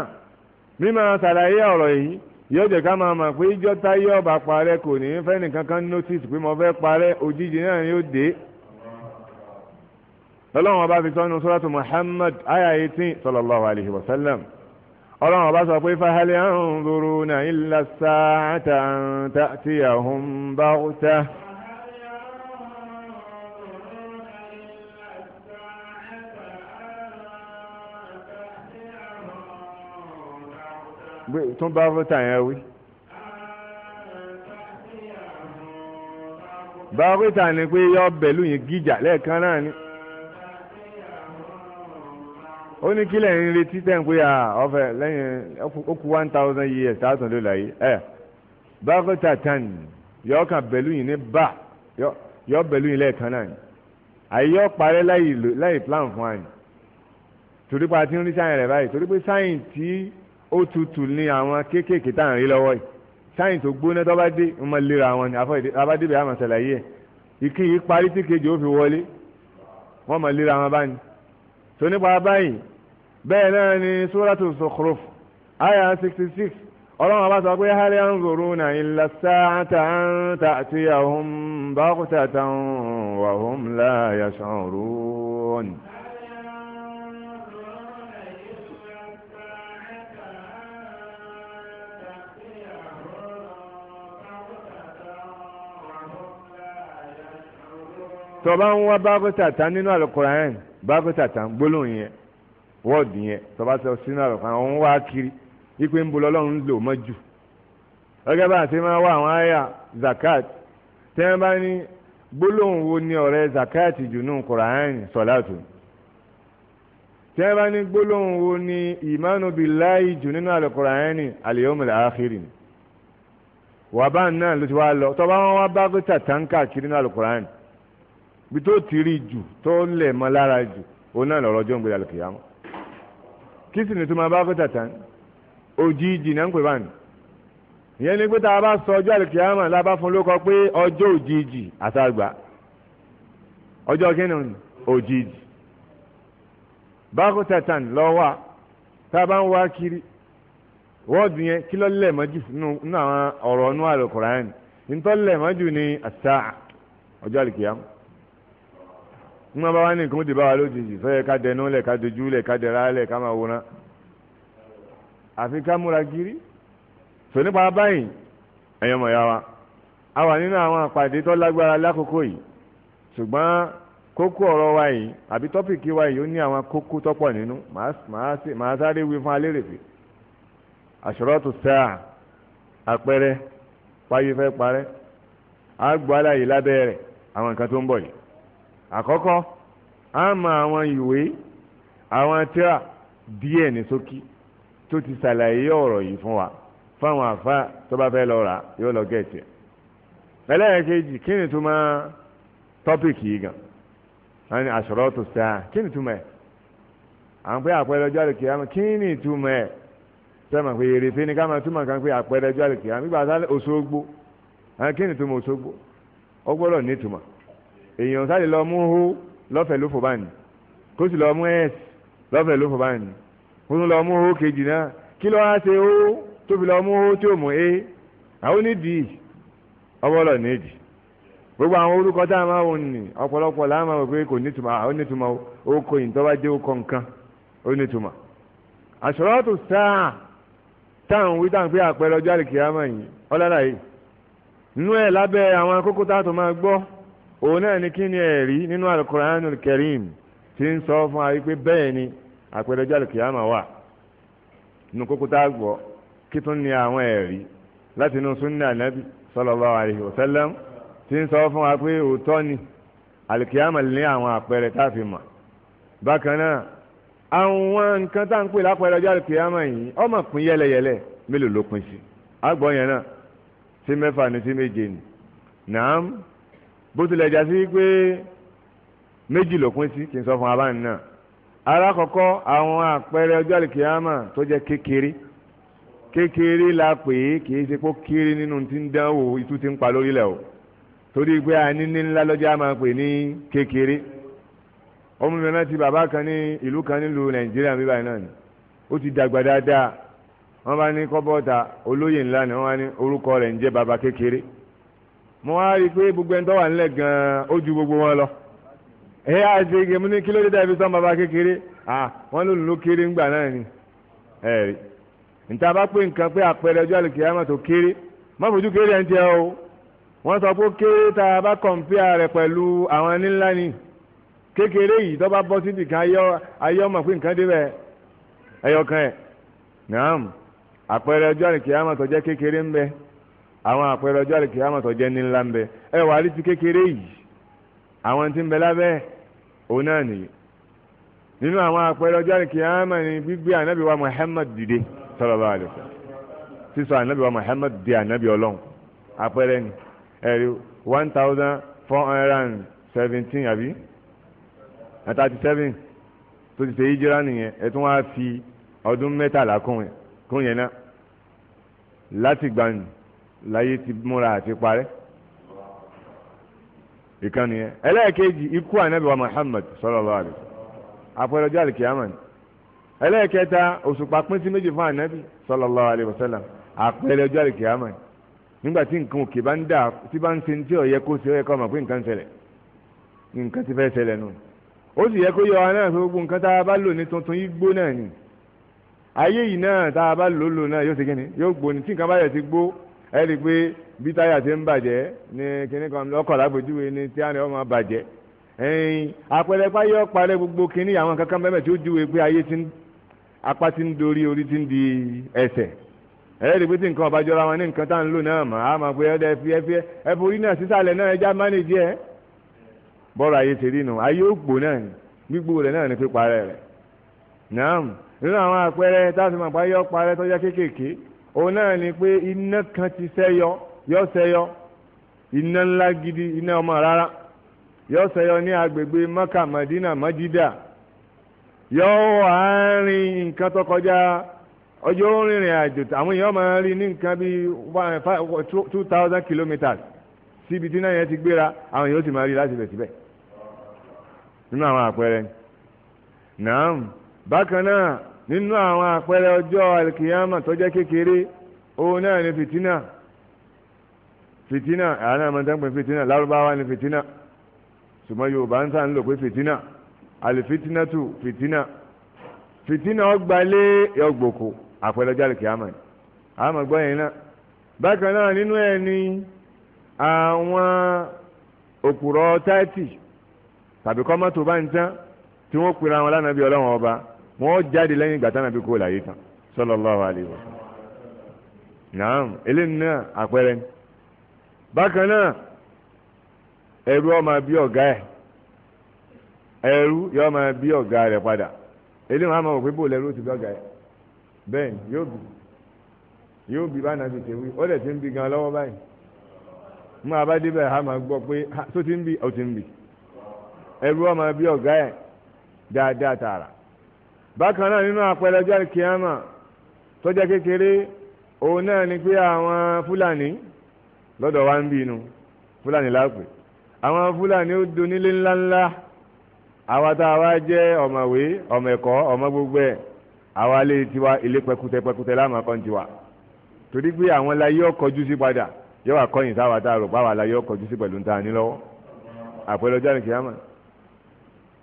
mímọ ṣàlàyé ọ̀rọ̀ yìí yóò jẹ́ ká máa mọ̀ pé ìjọ́ta yóò bá parẹ́ kò ní fẹ́ nìkan notice pé mo fẹ́ parẹ́ òjijì náà yóò dé ọlọ́run ọba fi sọ́nù sọ́lọ́tù Muhammad ayayeti eighteen sallallahu alayhi wa sallam ọlọ́wọ́n bá sọ pé fahali na ila sa'ata ta an ta'tiyahum baghtah. tún bá fún tàyẹn wí. bá fún ni pé yọ bẹ̀lú yìí gíjà lẹ́ẹ̀kan náà ni. ó ní kílẹ̀ ń retí tẹ́ǹ pé ọ̀fẹ́ lẹ́yìn ó kú one thousand years tààtàn ló láyé ẹ̀ bákọ́tà tán yọ kàn bẹ̀lú yìí ní bá yọ bẹ̀lú yìí lẹ́ẹ̀kan náà ni àyè yọ parẹ́ láì plan fún àyè torí pé a ti ń rí sáyìn rẹ̀ báyìí torí pé sáyìn tí ó tutù ní àwọn kéékèèké tá à ń rí lọ́wọ́ yìí sáyìn tó gbóná tó bá dé ń mọ lera wọn ni abádébẹ̀ àmọ̀ sàlàyé ẹ̀ ìkíyí parí tí kejì ó fi wọlé wọ́n mọ lera wọn báyìí tó nípa báyìí bẹ́ẹ̀ náà ni suratu Zukhruf aya sixty six ọlọ́run bá sọ pé hal yanzuruna illa as-sa'ata an ta'tiyahum baghtatan wa hum la yash'urun. tọ́ba ń wá baghtatan nínú Al-Qur'an baghtatan gbólóhùn yẹn wọ́ọ̀dù yẹn tọba sọ sínú àrò kan òun wá kiri ipe ń bolo ọlọ́run lò mọ́jú gẹ́gẹ́ bá a máa wá àwọn àyà zakat tẹ́ ẹ bá ní gbólóhùn wo ni ọ̀rẹ́ zakat jùnú kùránì sọ̀láàtù tẹ́ ẹ bá ní gbólóhùn wo ni ìmánu billahi jù nínú àlùkùránì àlèyọ́mùlẹ̀ àáfírì ni wà bá ń náà ló ti wá lọ tọ́ba wọn wá bá gbẹ́tà táǹkà kiri nínú àlùkùránì bí tó ti rí jù tó lẹ̀ mọ́ lára jù òun náà lọ́rọ́ jọ́ ń gbé àlùkìyàmọ́ kisini tuma ba ko tatan oji jinan ko ban yen ni ta ba so ojo alkiyama la ba fun lo ko pe ojo ojiji atagba ojo kini ojiji ba ko tatan lo wa ta ba wa kiri wo diyen kilo le maju nu na oro nu alquran in to le maju ni asaa ojo ní wọn bá wá ní nǹkan ó ti bá wa lójijì fẹ́ ká dẹnu lẹ̀ ká dojú lẹ̀ ká dẹ̀ra lẹ̀ ká máa wòran àfi ká múra gírí tò nípa báyìí ẹ̀yọ́ mọ̀ ya wa a wà nínú àwọn àpàdé tó lágbára lákòókò yìí ṣùgbọ́n kókó ọ̀rọ̀ wa yìí àbí tọ́pìkì wa yìí ó ní àwọn kókó tó nínú màá sáré wí fún alérè àṣọrọ́ tó sáà àpẹẹrẹ páyé fẹ́ parẹ́ àgbọ̀ aláyè lábẹ́ rẹ̀ àwọn nǹkan tó ń bọ̀ yìí. àkọ́kọ́ a mọ àwọn ìwé àwọn tíra díẹ̀ ní tó ti ṣàlàyé ọ̀rọ̀ yìí fún wa fáwọn àfa tó bá fẹ́ lọ yóò lọ gẹ̀ẹ́tì ẹlẹ́ẹ̀kejì kí ni túmọ̀ tọ́pìkì yìí gan ani tó kí ni túmọ̀ ẹ̀ à ń pẹ́ àpẹẹrẹ ọjọ́ àlùkè àmọ́ kí ni túmọ̀ ẹ̀ sẹ́mọ̀ pé ni ká máa túmọ̀ kan pé àpẹẹrẹ ọjọ́ àlùkè àmọ́ ìgbà sálẹ̀ kí ni túmọ̀ Òṣogbo ó gbọ́dọ̀ èèyàn sáré lọ mú hó lọ́fẹ̀ẹ́ ló fò báyìí kó sì lọ mú s lọ́fẹ̀ẹ́ ló fò báyìí kó tún lọ mú hó kejì náà kí ló wá ṣe hó tó fi lọ mú hó tí ò mú e àwọn onídìí ọwọ́lọ̀ nídìí gbogbo àwọn orúkọ tá a máa wò ní ọ̀pọ̀lọpọ̀ là á máa wò pé kò nítumọ̀ àwọn onítumọ̀ ó kọ ìtọ́wá jẹ́ ó kọ nǹkan ó nítumọ̀ àṣọrọ́tò sáà táwọn wí táwọn pé àpẹẹrẹ ọjọ́ àlìkìyàmọ̀ yìí ọlọ́lá yìí nínú ẹ̀ lábẹ́ àwọn akókó tá a tó máa gbọ́ òun náà ni kí ni ẹ̀rí nínú alukur'anul karim ti ń sọ fún wa wípé bẹ́ẹ̀ ni àpẹẹrẹjọ́ alùkìyàmà wà nínú kókó gbọ́ kí ni àwọn ẹ̀rí láti inú ń sọ fún wa ni ní àwọn fi mọ̀ bákan náà àwọn nǹkan tá à ń pè yìí ọmọ yẹlẹyẹlẹ mélòó ló sí bó tilẹ̀ já sí pé méjì ló pín sí kì í sọ fún abáyé náà alákọ̀ọ́kọ́ àwọn àpẹẹrẹ ọjọ́ àlìkìyàmà tó jẹ́ kékeré kékeré la pè é kì í ṣe pé kéré nínú tí ń dánwò itú ti ń pa lórílẹ̀ o torí pé àníní ńlá lọ́jọ́ àmà pè ní kékeré ọmọ mi náà ti bàbá kan ní ìlú kan nílùú nàìjíríà bíbá náà ni ó ti dàgbà dáadáa wọ́n bá ní kọ́bọ́ọ̀tà olóyè ńlá ni wọ́n wá ní orúkọ rẹ̀ ń jẹ́ bàbá kékeré mo wá rí i pé gbogbo ẹni tó wà nílẹ̀ gan-an ó ju gbogbo wọn lọ ẹ á ṣe ike mo ní kí ló dé dàbí sọ́n bàbá kékeré à wọ́n ló kéré ńgbà náà ni ẹ rí níta bá pé nǹkan pé àpẹẹrẹ ọjọ́ àlùkè àmọ́ tó kéré má fojú kéré ẹ̀ ń tiẹ̀ o wọ́n sọ pé kéré tá a bá kọ̀ǹpìà rẹ̀ pẹ̀lú àwọn nílá ni kékeré yìí tó bá bọ́ síbi kan ayé ọmọ pé nǹkan débẹ̀ ẹyọ ẹ̀ nàám àpẹẹrẹ ọjọ́ àlùkè àmọ́ tó jẹ́ kékeré ń àwọn àpẹẹrẹ ọjọ́ àlèkè àmọ̀tọ̀ jẹ́ ní ńlá ń bẹ ẹ wà á rí ti kékeré yìí àwọn tí ń bẹ lábẹ́ òun náà nìyí nínú àwọn àpẹẹrẹ ọjọ́ àlèkè àmọ̀ ni gbígbé ànábì wa Muhammad dìde sallallahu alaihi wasallam sísọ ànábì wa Muhammad di ànábì ọlọ́run àpẹẹrẹ ni ẹ̀rí one thousand four hundred and seventeen àbí thirty seven tó ti ṣe hijira nìyẹn ẹ tún wá fi ọdún mẹ́tàlá kún yẹn náà láti gbani láyé ti múra àti parẹ́ ìkànnì yẹn ẹlẹ́ẹ̀kejì ikú ànábì wa Muhammad sallallahu alaihi àpẹẹrẹjọ́ àlìkìyàmà ni ẹlẹ́ẹ̀kẹta òṣùpá pín sí méjì fún ànábì sallallahu alaihi wasallam àpẹẹrẹjọ́ àlìkìyàmà ni nígbà tí nǹkan òkè bá ń dà tí bá ń ṣe ní tí ó yẹ kó ṣe ó yẹ kó mọ̀ pé nǹkan ṣẹlẹ̀ nǹkan ti fẹ́ ṣẹlẹ̀ nù ó sì yẹ kó yọ ọ náà fún gbogbo nǹkan tá a bá lò ní tuntun yìí gbó náà ni ayé yìí náà tá a bá lò lò náà yóò ṣe gbó ni tí nǹkan bá yẹ ti gbó ẹ rí i pé bí táyà ti ń bàjẹ́ ní kinní kan lọ́kọ̀ lágbèjúwe ni tí àná ọmọ bàjẹ́ ẹ̀yìn àpẹẹrẹpá yọ parẹ́ gbogbo kinní àwọn kankan bẹ́ẹ̀ tí ó júwe pé ayé ti ń apá ti ń dorí orí ti ń di ẹsẹ̀ ẹ rí i pé tí nǹkan ọ̀bàjọ́ ra wọn ní nǹkan tá à ń lò náà mà á máa pé ẹ fi ẹ fi ẹ forí náà sísàlẹ̀ náà ẹja mánéjì ẹ bọ́ọ̀rọ̀ ayé ti rí nù ayé òpó náà gbígbó rẹ̀ náà ní píparẹ́ rẹ̀ náà nínú àwọn àpẹẹrẹ tá a fi mọ̀ pa yọ parẹ́ tọ́já kéékèèké òun náà ni pé iná kan ti iná ńlá gidi iná ọmọ rárá yọ ní agbègbè Maka Madina Majida yọ àárín nǹkan tó kọjá ọjọ́ rìnrìn àjò àwọn èèyàn máa rí ní nǹkan bíi two thousand kilometres síbi tí náà yẹn ti gbéra àwọn èèyàn sì máa rí láti nínú nínú àwọn àpẹẹrẹ ọjọ́ alikiyama tó jẹ́ kékeré òun náà ni fìtínà fìtínà àárín àmọ́tá ń pè fìtínà lárúbáwá ni fìtínà ṣùgbọ́n yorùbá ń sàn lò pé fìtínà àlìfìtínà tù fìtínà fìtínà ọgbàlé ọgbòkò àpẹẹrẹ ọjọ́ alikiyama ni àmọ́ gbọ́ yẹn náà bákan náà nínú ẹ̀ ni àwọn òkùrọ̀ táìtì tàbí kọ́mọ́tò bá ń tán tí wọ́n pera wọn lánàá bí ọba wọ́n jáde lẹ́yìn ìgbà tánà bí kò láyé tán sallallahu alaihi náà eléyìí náà àpẹẹrẹ bákan náà ẹrú ọmọ bí ọ̀gá ẹ ẹrú yọ ọmọ bí ọ̀gá rẹ padà eléyìí wọn á máa wò pé ti bí ọ̀gá ẹ bẹ́ẹ̀ yóò bì ti ń gan báyìí mú ha máa pé tó ti ń bákan náà nínú àpẹẹrẹ ọjọ́ kìámà tó jẹ́ kékeré òun náà ni pé àwọn fúlàní lọ́dọ̀ wa ń bí inú fúlàní lápè àwọn fúlàní ó do nílé ńláńlá àwa tá a wá jẹ́ ọ̀mọ̀wé ọmọ ẹ̀kọ́ ọmọ gbogbo ẹ̀ àwa lè tiwa ilé pẹkutẹ pẹkutẹ láàmú akọ́ tiwa torí pé àwọn la yọ kọjú sí padà yọ wà kọyìn sáwà tá a rò pàwà la yọ kọjú sí pẹ̀lú ntàní lọ́wọ́ àpẹẹrẹ kìámà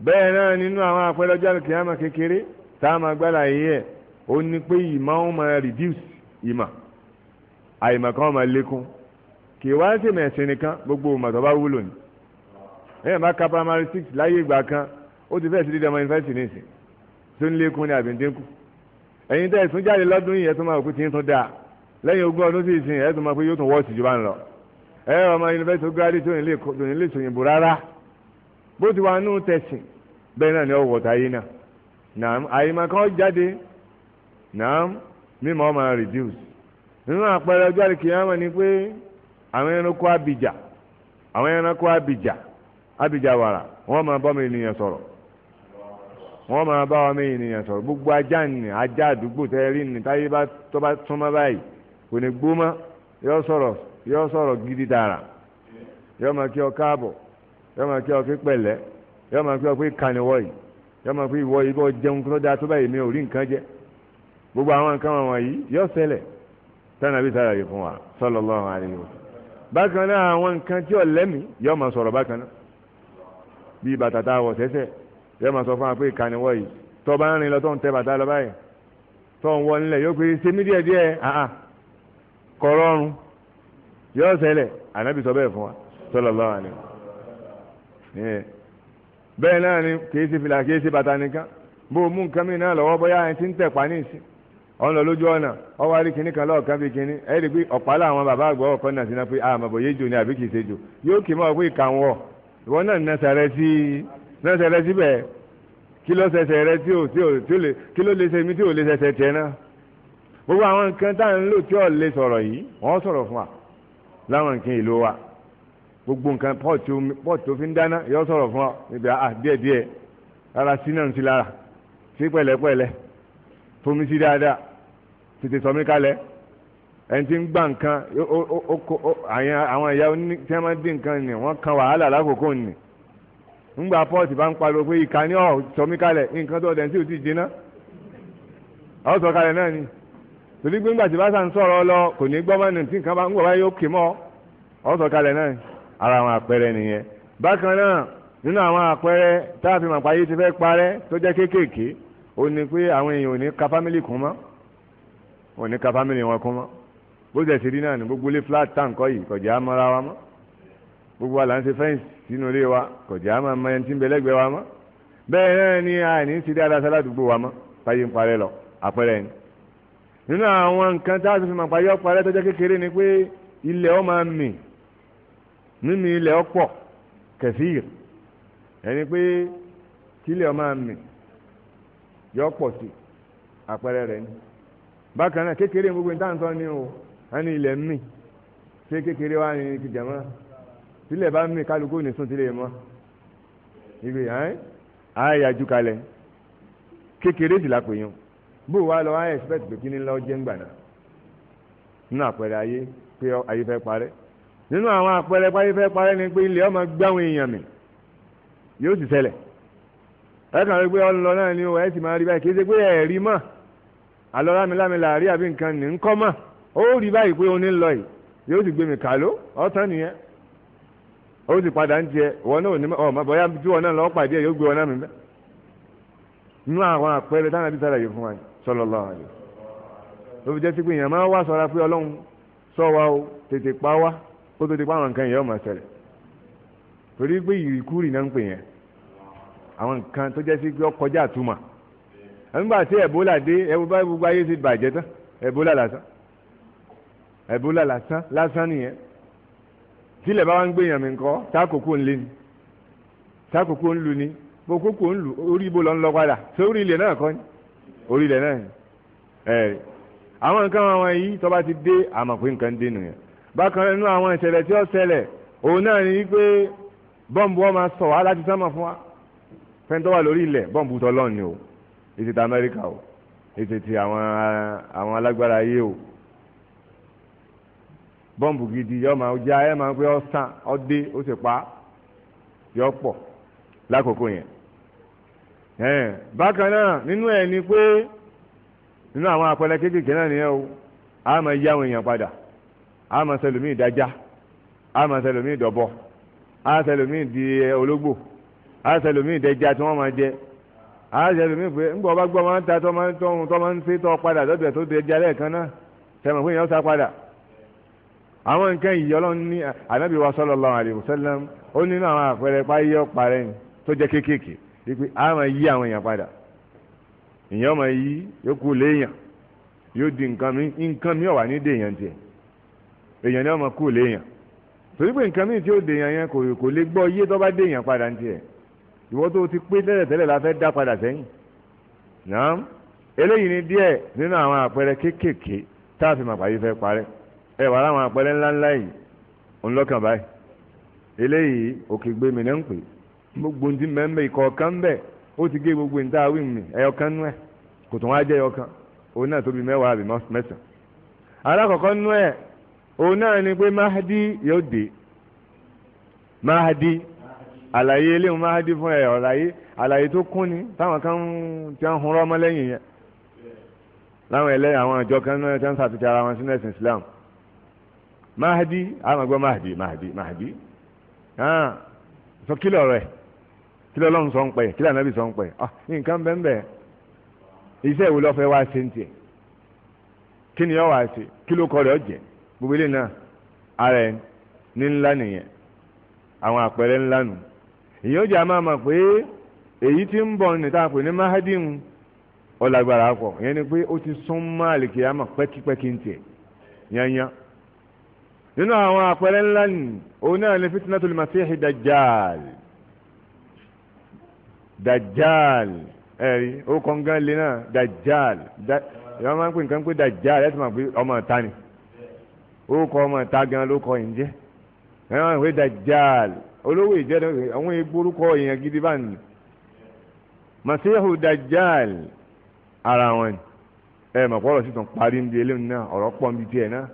bẹ́ẹ̀ náà nínú àwọn àpẹẹrẹ kìámà kékeré tá a máa gbára yìí ẹ̀ ó ní pé ìmọ̀ ó máa reduce ìmọ̀ àìmọ̀ kan máa lékún kì í wá sí mẹ̀sìn nìkan gbogbo ìmọ̀ tó bá wúlò ní. ẹ̀yìn bá ka primary six láyé ìgbà kan ó ti fẹ́ẹ̀ sí dídí ọmọ yunifásitì nìsín tó ń lékún ní àbíndínkù ẹ̀yin tẹ́ ìsún jáde lọ́dún yìí ẹ̀ tó máa kú ti ń tún dáa lẹ́yìn ogún ọdún sí ìsìn ẹ̀ máa pé yóò tún wọ́ọ̀sì jù bá ń lọ ẹ ọmọ yunifásitì tó tó ní ni ọ̀wọ̀ táyé naam àyèmọ̀ kan jáde naam mímọ́ máa reduce nínú àpẹẹrẹ ọjọ́ àríkìyàmọ̀ ni pé àwọn ẹranko abìjà àwọn ẹranko abìjà abìjà wàrà wọ́n máa bọ́ mi ènìyàn sọ̀rọ̀ wọ́n máa bá ọmọ ènìyàn sọ̀rọ̀ gbogbo ajá ni ajá àdúgbò tẹ́rí ni táyé bá tó bá súnmọ́ báyìí kò ní gbó mọ́ yọ sọ̀rọ̀ gidi dára yọ máa kí ọ káàbọ̀ yọ máa kí ọ kí pẹ̀lẹ́ yọ máa kí ọ kí yọ máa fi ìwọ ìbọn jẹun kí ló dáa tó báyìí mi ò rí nǹkan jẹ gbogbo àwọn nǹkan wọn yìí yọ ṣẹlẹ̀ tánàbí sàlàyé fún wa sallallahu alaihi wasallam bákan náà àwọn nǹkan tí ọ̀lẹ́mì yọ máa sọ̀rọ̀ bákan náà bí bàtà tá a wọ̀ sẹ́sẹ̀ yọ máa sọ fún wa pé ìkànnìwọ̀ yìí tọ́ bá ń rìn lọ tó ń tẹ bàtà lọ báyìí tọ́ ń wọ nílẹ̀ yóò pé ṣe mí díẹ̀ díẹ̀ àhà kọ̀rọ̀rùn yọ ṣẹlẹ̀ ànábì sọ bẹ́ẹ̀ fún wa sallallahu alaihi wasallam bẹ́ẹ̀ náà ni kì í ṣe fìlà kì í ṣe bàtà nìkan bó o mú nǹkan mi náà lọ́wọ́ bóyá ẹni tí ń tẹ̀pá ní ìsìn ọ̀n lọ lójú ọ̀nà ọwọ́ àrí kinní kan lọ́ọ̀kan bíi kinní ẹ̀ rí i pé ọ̀pá làwọn bàbá àgbà ọ̀kọ́ náà sínú pé ah, àmọ́ bòye jò ní àbí kì í ṣe jò yóò kì í pé ìka wọ̀ ìwọ náà nẹ́sẹ̀ sí nẹ́sẹ̀ rẹ síbẹ̀ kí ló ṣẹṣẹ̀ rẹ tí ò tí ò tí ò lè kí ló lè ṣe mí tí ò lè ṣẹṣẹ̀ tiẹ̀ náà gbogbo àwọn nǹkan tá à ń lò tí ò lè sọ̀rọ̀ yìí wọ́n sọ̀rọ̀ fún wa láwọn nǹkan ìlú wa gbogbo nǹkan pọ́ọ̀tì omi pọ́ọ̀tì òfin dáná yọ sọ̀rọ̀ fún ọ níbi àá ah, díẹ̀ díẹ̀ rárá sí náà sí lára sí pẹ̀lẹ́pẹ̀lẹ́ fomi sí dáadáa tètè sọmi kalẹ̀ ẹni tí ń gbà nǹkan àwọn ìyá tí wọ́n máa dín nǹkan ni wọ́n kan wàhálà lákòókò ni ńgbà pọ́ọ̀tì bá ń pariwo pé ìka ní ọ̀ sọmi kalẹ̀ nǹkan tó ọ̀dẹ̀ tí ò ti jiná ọ̀ sọ kalẹ̀ náà ni torí gbé ńgbà tí bá sà ń sọ̀rọ̀ lọ kò ní gbọ́ mọ́ni tí nǹkan bá ń gbọ̀ báyìí kì mọ́ ọ̀ kalẹ̀ náà ni ara àwọn àpẹẹrẹ nìyẹn bákan náà nínú àwọn àpẹẹrẹ tá a fi mọ̀ páyé ti fẹ́ parẹ́ tó jẹ́ kéékèèké ó ní pé àwọn èèyàn ò ní ka fámìlì kún mọ́ ò ní ka fámìlì wọn kún mọ́ bó jẹ́ sí rí náà ní gbogbo ilé flat tank kọ́ yìí kọjá mọ́ra wa mọ́ gbogbo wa là ń ṣe fẹ́ǹsì sínú ilé wa kọjá mọ́ ẹni tí ń bẹ lẹ́gbẹ̀ẹ́ wa mọ́ bẹ́ẹ̀ náà ni àìní ń ṣe dáadáa sáládùúgbò wa mọ́ táyé ń parẹ́ lọ àpẹẹrẹ ni nínú àwọn nǹkan tá a fi mọ̀ páyé ọ̀parẹ́ tó jẹ́ kékeré ni pé ilẹ̀ ọ máa mì mímì ilẹ̀ ọ̀pọ̀ kẹfìr ẹni pé kílẹ̀ ọmọ mi yọ pọ̀ sí àpẹẹrẹ rẹ̀ ni bákan náà kékeré gbogbo ní táǹtọ́ ni o ẹni ilẹ̀ mi ṣé kékeré wa ni jẹ̀mọ́ tílẹ̀ bá mi kálukú ní sùn tílẹ̀ mọ́ ibi ẹ̀ ayájú kalẹ̀ kékeré sì la pè yàn bó wa lọ á expect pé kí ni lọ́ọ́ jẹ́ ń gbà náà nínú àpẹẹrẹ ayé pé ayé fẹ́ parẹ́ nínú àwọn àpẹẹrẹ páyé fẹ́ parẹ́ ni pé ilẹ̀ ọmọ gbáwọn èèyàn mi yóò sì ṣẹlẹ̀ ẹ kàn rí pé ọlọ náà ni ẹ sì máa rí báyìí kì í ṣe pé ẹ rí mọ́ àlọ́ lámilámi là rí àbí nǹkan ní ń kọ́ mọ́ ó rí báyìí pé òun ní lọ yìí yóò sì gbé mi kà ló ọ̀tán nìyẹn ó sì padà ń jẹ wọn náà ò ní ọmọ bóyá bí wọn náà lọ pàdé ẹ yóò gbé wọn náà mi bẹ́ẹ̀ nínú àwọn àpẹẹrẹ o tètè ó tó ti pa àwọn nǹkan yẹn ọmọ ṣẹlẹ̀ torí pé ìrìkúrì náà ń pè yẹn àwọn nǹkan tó jẹ́ sí pé ó kọjá àtúmọ̀ nígbà tí Ebola dé ẹ̀wù bá gbogbo ayé ti bàjẹ́ tán Ebola lásán Ebola lásán lásán nìyẹn tílẹ̀ bá wá ń gbéyàn mi nǹkan sákòókò ń ni sákòókò ń lu ni kókó ń lu orí ibo lọ ń lọ padà sórí ilẹ̀ náà kọ́ ni orí ilẹ̀ náà ni ẹ̀ẹ́dì àwọn nǹkan àwọn yìí tó ti dé àmọ̀ pé nǹkan dé nìyẹn bákan nínú àwọn ìṣẹ̀lẹ̀ tí ó ṣẹlẹ̀ òun náà ni wípé bọ́ǹbù wọn máa sọ wá láti sánmà fún wa fẹ́ntọ́ wà lórí ilẹ̀ bọ́ǹbù tọ́lọ́ọ̀ ni o ètè ti Amẹ́ríkà o ètè ti àwọn alágbára ayé o bọ́ǹbù gidi yọ máa jẹ́ ayé máa pé ó sàn ó dé ó sì pa yọ pọ̀ lákòókò yẹn ẹ̀ẹ́n bákan náà nínú ẹ̀ ni pé nínú àwọn àpẹẹrẹ kéékèèké náà nìyẹn o a máa yá àwọn èèyàn padà a máa sẹlòmíì dájá a máa sẹlòmíì dọ̀bọ di ológbò a sẹlòmíì dẹja tí wọ́n máa jẹ a sẹlòmíì pé ńgbọ́ bá gbọ́ máa ń ta tó máa ń tọ́hun tó máa ń ṣe tọ́ padà lọ́dọ̀ tó dẹja lẹ́ẹ̀kan náà tẹ̀mọ̀ pé èèyàn sá padà àwọn nǹkan yìí ọlọ́run ní ànábì wa sallallahu alaihi wasallam ó nínú àwọn àpẹẹrẹ páyé ọ̀pá rẹ̀ tó jẹ́ kéékèèké wípé a máa yí àwọn èèyàn padà èèyàn máa yí yókù léèyàn yóò di nǹkan mi nǹkan mi ọ̀wà ní dèèyàn tiẹ̀ èèyàn ni ọmọ kú léèyàn torí pé nǹkan míì tí ó dèèyàn yẹn kò kò lè gbọ́ iye tó bá dèèyàn padà ní tiẹ̀ ìwọ tó ti pé tẹ́lẹ̀ tẹ́lẹ̀ la fẹ́ dá padà sẹ́yìn náà eléyìí ni díẹ̀ nínú àwọn àpẹẹrẹ kéékèèké tá a fi màpá yìí fẹ́ parẹ́ ẹ wà láwọn àpẹẹrẹ ńláńlá yìí òun lọ́kàn báyìí eléyìí òkè gbé mi náà ń pè gbogbo ti mẹ́mẹ́ ikọ̀ kan bẹ̀ ó ti gé gbogbo níta wí mi ẹyọ òun náà ni pé Mahadi, yóò dé Mahadi àlàyé eléhùn Mahdi fún ẹ ọ̀làyé àlàyé tó kún ni táwọn kan ti ń hun rọ́mọ́ lẹ́yìn yẹn láwọn ẹlẹ́yìn àwọn àjọ kan náà ti ń ṣàfihàn ara wọn sínú ẹ̀sìn Islam Mahadi, àwọn gbọ́ Mahadi, Mahadi, Mahdi hàn sọ kílọ̀ rẹ̀ kílọ̀ lọ́hùn sọ ń pẹ́ kílọ̀ anábì sọ ń pẹ́ ah nǹkan bẹ́ẹ̀ bẹ́ẹ̀ iṣẹ́ ìwé lọ́fẹ́ wá ṣe ń tiẹ̀ kí ni yọ wá ṣe kí ló rẹ̀ ọ jẹ́ gbogbo na, náà ara ẹ̀ ní ńlá nìyẹn àwọn àpẹẹrẹ ńlá nù ìyẹn ó jẹ́ àmọ́ àmọ́ pé èyí tí ń bọ̀ ní táàpù ní mahadum ọ̀làgbàrà pọ̀ ìyẹn ni pé ó ti sún mọ́ àlìkìyàmọ̀ pẹ́kípẹ́kí ń tiẹ̀ yányán nínú àwọn àpẹẹrẹ ńlá nì òun náà ni fitnatul masihi dajjal dajjal ẹ̀rí ó kọ́ngán lé náà dajjal ìyá máa ń pè nǹkan pé dajjal ẹ̀ tó máa pé ọmọ ìta ni orúkọ ọmọ ìta gan ló kọ ìjẹ ẹran ìwé dajjal olówó ìjẹ àwọn egbórúkọ èèyàn gidi bá nì masihu dajjal ara wọn ni ẹ mọ̀ pọ́lọ̀ sì tún parí níbi eléyìí náà ọ̀rọ̀ pọ̀ níbi tiẹ̀ náà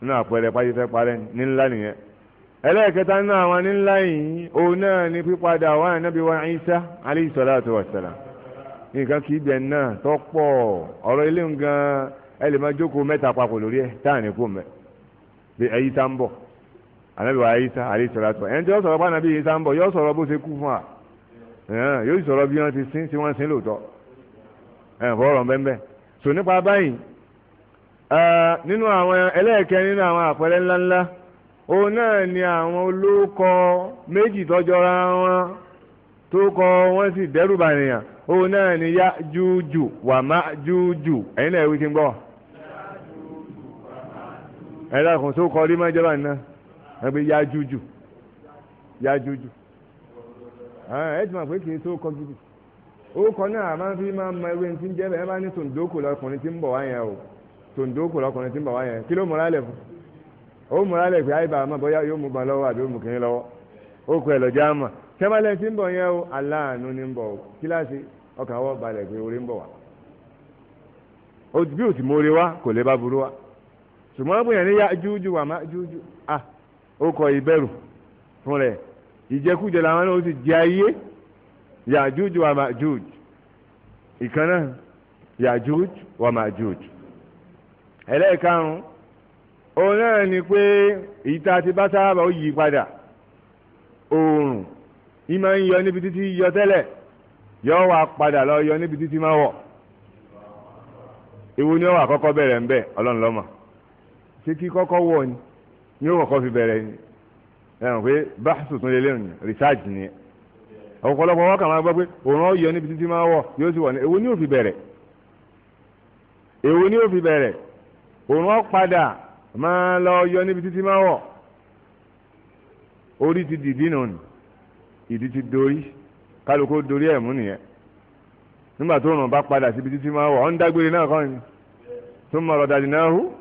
nínú àpẹẹrẹ páyé fẹ́ parẹ́ ní ńlá nìyẹn ẹlẹ́ẹ̀kẹta nínú àwọn ní yìí òun náà ní pípadà wà nábì wa Isa alayhi salatu wa salam nǹkan kì í bẹ̀ náà tọ́pọ̀ ọ̀rọ̀ eléyìí gan-an ẹ lè máa jókòó mẹ́ta papọ̀ lórí ẹ̀ tá à ní kó mẹ́ bí ẹyí tá ń bọ̀ ànábì wa ẹyí tá àlẹ́ ìṣọ̀rọ̀ àtọ̀ ẹni tí yóò sọ̀rọ̀ bá ànábì yìí tá ń bọ̀ yóò sọ̀rọ̀ bó ṣe kú fún wa yóò sọ̀rọ̀ bí wọ́n ti sin tí wọ́n sin lóòótọ́ ẹ̀ fọ́ọ̀rọ̀ bẹ́ẹ̀ sọ nípa báyìí nínú àwọn ẹlẹ́ẹ̀kẹ́ nínú àwọn àpẹẹrẹ ńláńlá òun náà ni àwọn olóko méjì tọ́jọra wọn tó kọ wọ́n sì dẹ́rù bànìyàn òun náà ni yá jújù wà má jújù ẹ̀yin náà wí kí n gbọ́. ẹ̀dá kan tó kọ́ na máa jẹ́ báyìí náà wọ́n pe yájújù yájújù ẹ̀ ti máa pé kì a máa fi máa ma ewé tí ń jẹ́ bẹ́ẹ̀ bá ní tòǹdókò lọkùnrin tí ń o tòǹdókò lọkùnrin tí ń bọ̀ kí ló múra lẹ̀ fún ó múra lẹ̀ pé àyíbá bóyá yóò mú gbọ́n lọ́wọ́ àbí lọ́wọ́ ó ẹ̀ lọ́jà o aláàánú ni ń bọ̀ o kíláàsì ọkàn wọ́ balẹ̀ pé orí ń bọ̀ wá bí ò mórí ṣùgbọ́n wọ́n bóyá ní Yájújú wà Májújú à ó kọ ìbẹ̀rù fún rẹ̀ ìjẹkújẹ làwọn náà ó sì jẹ ayé Yájújú wà Májújú ìkan náà Yájújú wà Májújú ẹlẹ́ẹ̀karùn-ún òun náà ni pé ìta ti bá sábà ó yí padà oòrùn ìmọ̀ ń yọ níbi títí yọ tẹ́lẹ̀ yọ wà padà lọ yọ níbi títí máa wọ̀ ewu ni ó bẹ̀rẹ̀ ń bẹ̀ ọlọ́run lọ́mọ ṣé kí kọ́kọ́ wọ̀ ni ní ó kọ́kọ́ fi bẹ̀rẹ̀ ni ẹ rò pé báṣù tún lélẹ̀ ni research ni ọ̀pọ̀lọpọ̀ wọn kà máa gbọ́ pé òun ọ̀ yọ níbi títí máa wọ̀ yóò sì wọ̀ ni èwo ni ó fi bẹ̀rẹ̀ èwo ni ó fi bẹ̀rẹ̀ òun ọ̀ padà máa lọ yọ níbi títí máa wọ̀ orí ti dìdí nù ni ìdí ti dorí kálukú dorí ẹ̀ mú nìyẹn nígbà tó rùn bá padà síbi títí máa wọ̀ ọ̀ ń dágbére náà kọ́ ni tó mọ̀ ọ̀rọ̀ dàdí náà hù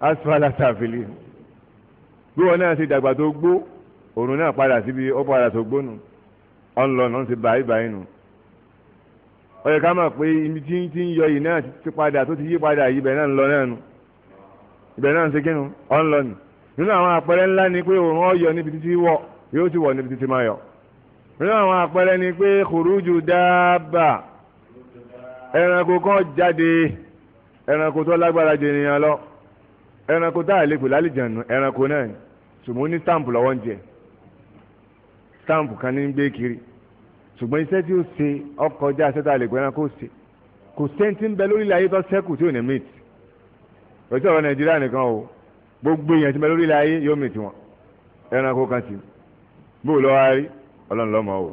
asfala sàfìlì bí wọn náà ti dàgbà tó gbó òrùn náà padà síbi ó padà tó gbónu ọ̀nlọ́nà ti báyìí báyìí nù ó yẹ ká mọ̀ pé ibi tí ti ń yọ yìí náà ti padà tó ti yí padà yìí ibẹ̀ náà ń lọ náà nù ibẹ̀ náà ń ṣe kínu ọ̀nlọ́nù nínú àwọn àpẹẹrẹ ńlá ni pé òrùn ọ̀yọ́ níbi títí wọ̀ yóò ti wọ̀ níbi títí máa yọ nínú àwọn àpẹẹrẹ ni pé kòrújù dáàbà ẹranko kan jáde ẹranko tó lágbára jẹ ènìyàn lọ ẹranko tá a lè pè lálejànù ẹranko náà ni ṣùgbọ́n ní stamp lọ́wọ́ ń jẹ stamp kan ní gbé kiri ṣùgbọ́n iṣẹ́ tí ó ṣe ọkọjá iṣẹ́ tá a lè pè ẹranko ṣe kò sẹ́ńtì ń bẹ lórílẹ̀ ayé tó sẹ́kù tí ò ní mìtì òtí ọ̀rọ̀ nàìjíríà nìkan o gbogbo èèyàn ti bẹ lórílẹ̀ ayé yóò mìtì wọn ẹranko kan ti bó lọ́ rí ọlọ́run lọ́mọ o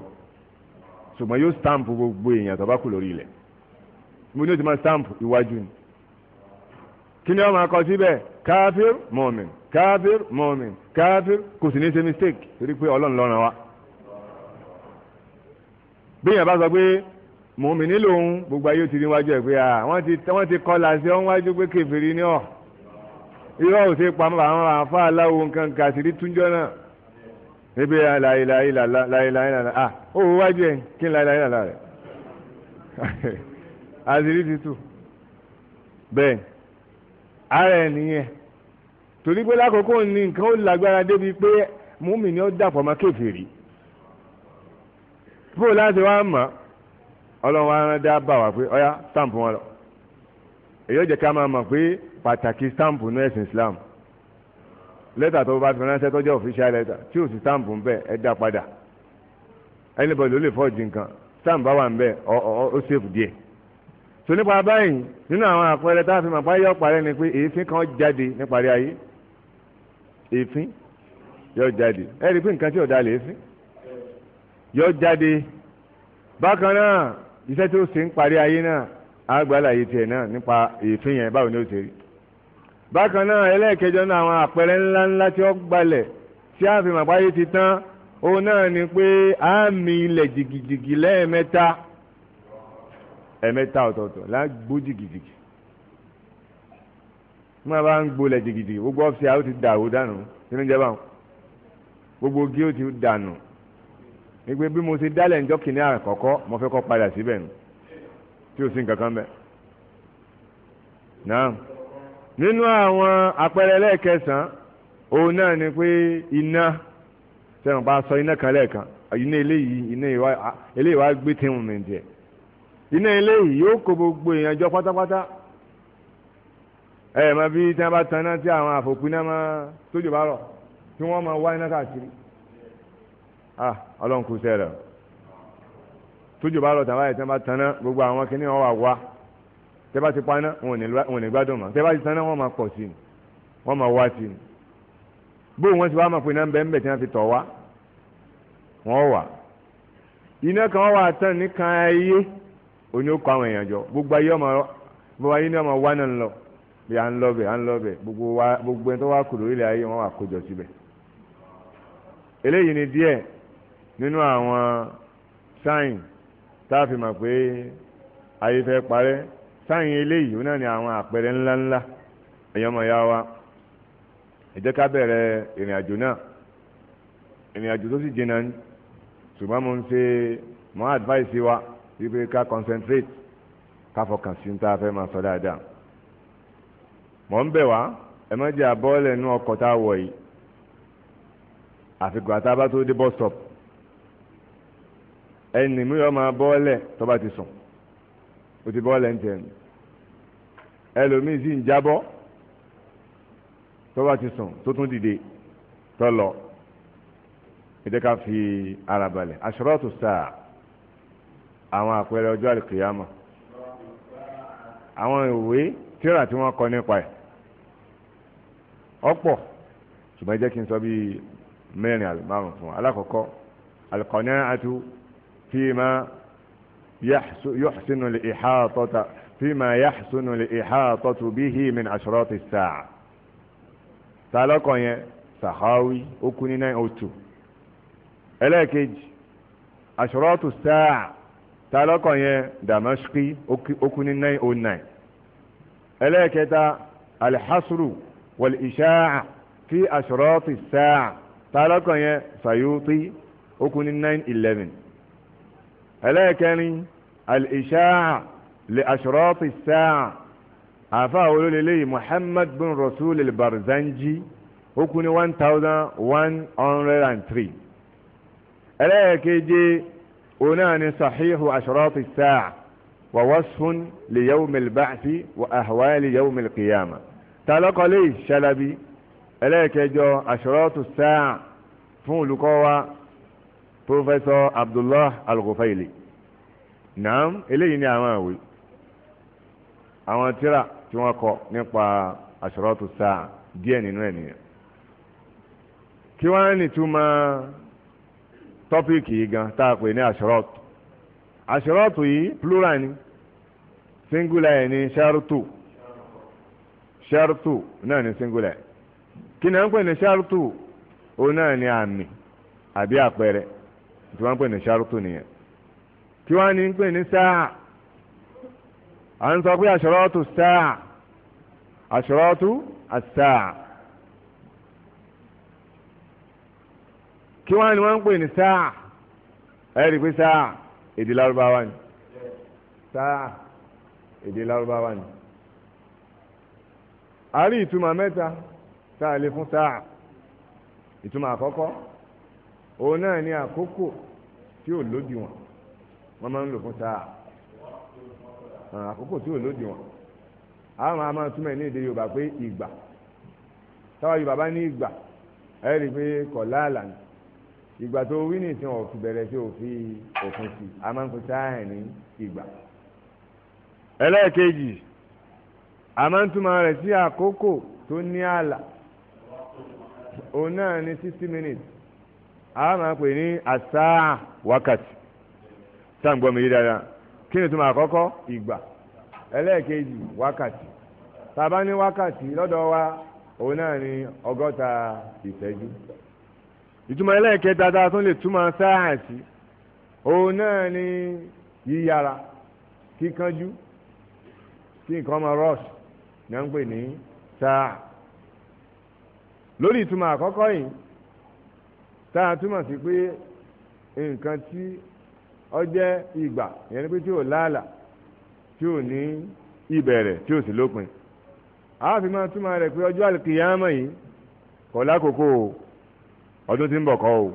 ṣùgbọ́n yóò stamp gbogbo èèyàn tó bá kù lórí ilẹ̀ mo ní o ti máa stamp iwájú ni kí ni ọmọ akọ síbẹ̀ káfíìr mọ́mìn káfíìr mọ́mìn káfíìr kò sì ní ṣe mistake torí pé ọlọ́run lọ́ràn wa. bíyàn bá sọ pé mọ́mìn nílò òun gbogbo ayé ti rí wájú ẹ̀ pé wọ́n ti kọlà sí ọ́n wájú pé kèfèrí ní ọ̀ irọ́ ò ṣe pamọ́ àwọn àfa aláwo nǹkan kà sí rí túnjọ́ náà ebi láìláìlàlá ah ó wájú ẹ kí n láìláìlàlá rẹ àṣírí ti tú ara ẹ̀ nìyẹn torí pé lákòókò ní nǹkan ó lágbára débi pé múmi ni ó dàpọ̀ mọ́ kèfèrí bó láti wá mọ̀ ọlọ́run wa rán dá bà wá pé ọyá stamp wọn lọ èyí ó jẹ́ ká máa mọ̀ pé pàtàkì stamp ní ẹ̀sìn Islam lẹ́tà tó bá fi ránṣẹ́ tó jẹ́ official letter tí ò sí stamp ń bẹ̀ ẹ dá padà anybody ló lè fọ́ọ̀jì nǹkan stamp bá wà ń bẹ̀ ó ṣèfù díẹ̀ tó nípa báyìí nínú àwọn àpẹẹrẹ tá a fi màpá yọ parẹ́ ni pé èéfín kan jáde níparí ayé èéfín yọ jáde ẹ rí i pé nǹkan tí ò da lè fín yọ jáde bákan náà iṣẹ́ tí ó ṣe ń parí ayé náà àgbàláyé tiẹ̀ náà nípa èéfín yẹn báwo ni ó ti. rí bákan náà ẹlẹ́ẹ̀kẹjọ náà àwọn àpẹẹrẹ ńláńlá tí ó gbalẹ̀ tí a fi màpá yé ti tán òun náà ni pé àmì ilẹ̀ jìgìjìgì lẹ́ẹ̀mẹ́ta ẹ̀mẹ́ta ọ̀tọ̀ọ̀tọ̀ lágbó jìgìjìgì tí wọ́n bá ń gbolẹ̀ jìgìjìgì gbogbo ọ́fíà ó ti dàrú dànù sínú ìjọba wọn gbogbo gí ó ti dànù nígbè bí mo ṣe dálẹ̀ ńjọ́ kìíní àkọ́kọ́ mo fẹ́ kọ́ padà síbẹ̀ nù tí ò sí nǹkan kan bẹ́ẹ̀ náà nínú àwọn àpẹẹrẹ lẹ́ẹ̀kẹsàn òun náà ni pé iná sẹ́wọ̀n bá sọ iná kan lẹ́ẹ̀kan iná eléyìí iná eléyìí wá gbé tí wọn iná eléyìí yóò kó gbogbo èèyàn jọ pátápátá ẹ mọ bí tí wọn bá tan náà tí àwọn àfòkù náà máa tójú bá rọ tí wọn máa wá iná káàkiri ah Ọlọ́run kù sẹ rẹ tójú bá rọ tàbá yẹ tí wọn bá tan náà gbogbo àwọn kìnìún wọn wà wá tẹ bá ti paná wọn ò ní gbádùn mọ́ tẹ bá ti tan náà wọn máa pọ̀ sí i wọn máa wá sí i bó wọn ti wá máa pè náà bẹ́ẹ̀ tí wọn fi tọ̀ wá wọn wà iná kan wà tán nìkan ayé oní ó kọ àwọn èèyàn jọ gbogbo ayé ọmọ gbogbo ayé ní ọmọ wa náà ń lọ bí à ń lọ bẹ à ń lọ bẹ gbogbo wa gbogbo ẹni tó wá kù lórílẹ̀ ayé wọn wà kójọ síbẹ̀ eléyìí ni díẹ̀ nínú àwọn sáìn tá a fi mọ̀ pé ayé fẹ́ parẹ́ sáìn eléyìí náà ni àwọn àpẹẹrẹ ńláńlá ẹ̀yọ́ ọmọ ya wa ẹ jẹ́ ká bẹ̀rẹ̀ ìrìn àjò náà ìrìn àjò tó sì jìnnà ṣùgbọ́n mo ń ṣe mọ́ advice wa wípé ká concentrate ká fọkàn sí ní tá a fẹ́ máa sọ dáadáa mọ̀ ń bẹ̀ wá ẹ má jẹ́ àbọ́ọ̀lẹ̀ inú ọkọ̀ tá a wọ̀ yìí àfikún àti abá tó dé bus stop ẹnì mi yọ máa bọ́ọ̀lẹ̀ tó bá ti sùn ó ti bọ́ọ̀lẹ̀ ń tẹ̀ ẹlòmíì sì ń jábọ́ tó bá ti sùn tó tún dìde tó lọ ẹ fi ara balẹ̀ àṣírọ́ọ̀tù sáà àwọn àpẹẹrẹ ọjọ́ àlùkìyàmọ̀ àwọn ìwé tíra tí wọ́n kọ nípa ẹ̀ ọ̀pọ̀ ṣùgbọ́n jẹ́ kí n sọ bíi mẹ́rin àbí márùn fún wa alákọ̀ọ́kọ́ alqana'atu fima yuhsinu al-ihatata fima yuhsinu al-ihatatu bihi min ashrati as-sa'a tàlọ́kọ̀ yẹn sàháwí ó kú ní 902 ẹlẹ́ẹ̀kejì ashratu as-sa'a ta lọ́kọ̀ yẹn damaski ó kú ní nine oh nine ẹlẹ́ẹ̀kẹta alḥasru wal-ishaa'a fi ashrati as-saa'a ta lọ́kọ̀ yẹn sayuti ó kú ní nine eleven ẹlẹ́ẹ̀kẹrin al li ashrati as-saa'a àfa olólelé muhammad bin rasul barzanji ó one thousand one hundred and three ẹlẹ́ẹ̀keje onáni sahihu ashrati الساعة ووصف ليوم li وأهوال يوم القيامة. ahwali لي شلبي. إليك Shalabi ẹlẹ́ẹ̀kẹjọ الساعة sáà fún olùkọ́ wa professor Abdullah Al-Ghufayli naam eléyìí ni àwọn àwòrán àwọn tíra tí wọ́n kọ nípa ashratu sáà díẹ̀ nínú ẹ̀ kí wọ́n á nìtúmọ̀ tọ́píìkì yìí gan tá a pè ní àṣírọ́ọ̀tù àṣírọ́ọ̀tù yìí plural ni singular ẹ̀ ní ṣẹ́rùtù ṣẹ́rùtù náà ní singular kí ni wọ́n pè ní ṣẹ́rùtù òun náà ní àmì àbí àpẹẹrẹ tí wọ́n pè ní ṣẹ́rùtù nìyẹn kí wọ́n ní pè ní sáà à ń sọ pé àṣírọ́ọ̀tù sáà àṣírọ́ọ̀tù àsáà. kí wọ́n ní wọ́n ń pè ní sáà ẹ rí i pé sáà èdè lárúbáwá ni sáà èdè lárúbáwá ni a rí ìtumọ̀ mẹ́ta tá a lè fún sáà ìtumọ̀ àkọ́kọ́ òun náà ní àkókò tí ò lódiwọ̀n wọ́n máa ń lò fún sáà àkókò tí ò lódiwọ̀n àwọn máa máa túmọ̀ ní èdè yorùbá pé ìgbà táwa yorùbá bá ní ìgbà ẹ rí i pé kọ̀ láàlà ni ìgbà tó wí nìsín ọ̀fi bẹ̀rẹ̀ sí òfin òfin sí a máa ń fi sáà ní ìgbà. ẹlẹ́ẹ̀kejì a máa ń túmọ̀ rẹ̀ sí àkókò tó ní ààlà òun náà ní sixty minutes a máa pè ní àsáà wákàtí sáǹgbọ́n mi yí dáadáa kí ni túmọ̀ àkọ́kọ́ ìgbà ẹlẹ́ẹ̀kejì wákàtí tá ní wákàtí lọ́dọ̀ wa òun náà ní ọgọ́ta ìṣẹ́jú. ìtumọ̀ ẹlẹ́ẹ̀kẹta tá a tún lè túmọ̀ sáyẹ̀nsì òun náà ni yíyára kíkanjú kí nǹkan ọmọ rọ́ọ̀sì náà ń pè ní sáà lórí ìtumọ̀ àkọ́kọ́ yìí sáà a túmọ̀ sí pé nǹkan tí ọ jẹ́ ìgbà yẹn ni pé tí ò láàlà tí ò ní ìbẹ̀rẹ̀ tí ò sì lópin túmọ̀ rẹ̀ pé ọjọ́ o. ọdún tí ń bọ̀ kọ́ o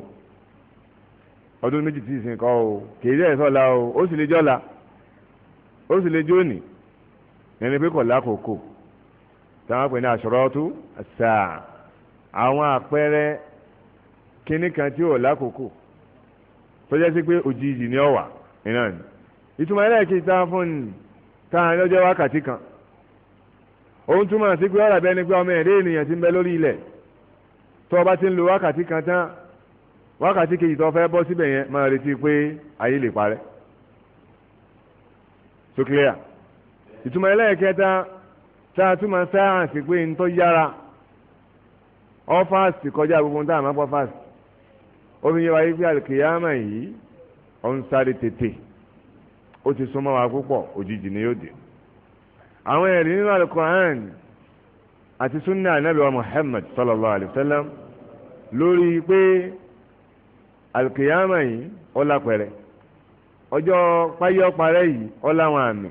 ọdún méjì tí ìsìn kọ́ o kìí jẹ́ ìsọ̀la o ó sì lè jọ́la ó sì lè jóni ẹni pé kọ̀ lákòókò táwọn pè ní àṣọrọ́tú sáà àwọn àpẹẹrẹ kínní kan tí ò lákòókò tó jẹ́ sí pé òjijì ni ó wà iná ni ìtumọ̀ ẹlẹ́ẹ̀kejì tá a fún ni tá a lọ́jọ́ wákàtí kan òun túmọ̀ sí pé ọ̀rọ̀ abẹ́ni pé ọmọ ẹ̀dẹ́ ènìyàn ti ń bẹ lórí ilẹ̀ tọba ti ń lo wákàtí kan tán wákàtí kejì tó o fẹ́ bọ́ síbẹ̀ yẹn máa retí pé ayé lè parẹ́ so clear ìtumọ̀ ẹlẹ́ẹ̀kẹta tá a túmọ̀ sáyẹ̀nsì pé ń tọ́ yára ọ kọjá gbogbo a máa pọ̀ fásitì omi yẹ wáyé pé àlùkìyàmà yìí ọ̀ ń sáré tètè ó ti súnmọ́ wa púpọ̀ òjijì ni yóò dé àwọn àti sunna anabi wa muhammad sallallahu alayhi wa sallam lórí pé alkiyama yìí ọlá pẹrẹ ọjọ́ páyọ parẹ́ yìí ọlá àwọn àmì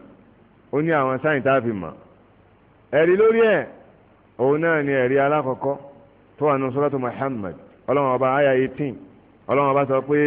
ó ní àwọn sáyìn tá a fi mọ̀ ẹ̀rí lórí ẹ̀ òun náà ni ẹ̀rí alákọ̀ọ́kọ́ tó wà nù suratu muhammad ọlọ́wọ́n ọba àyà eighteen ọlọ́wọ́n sọ pé.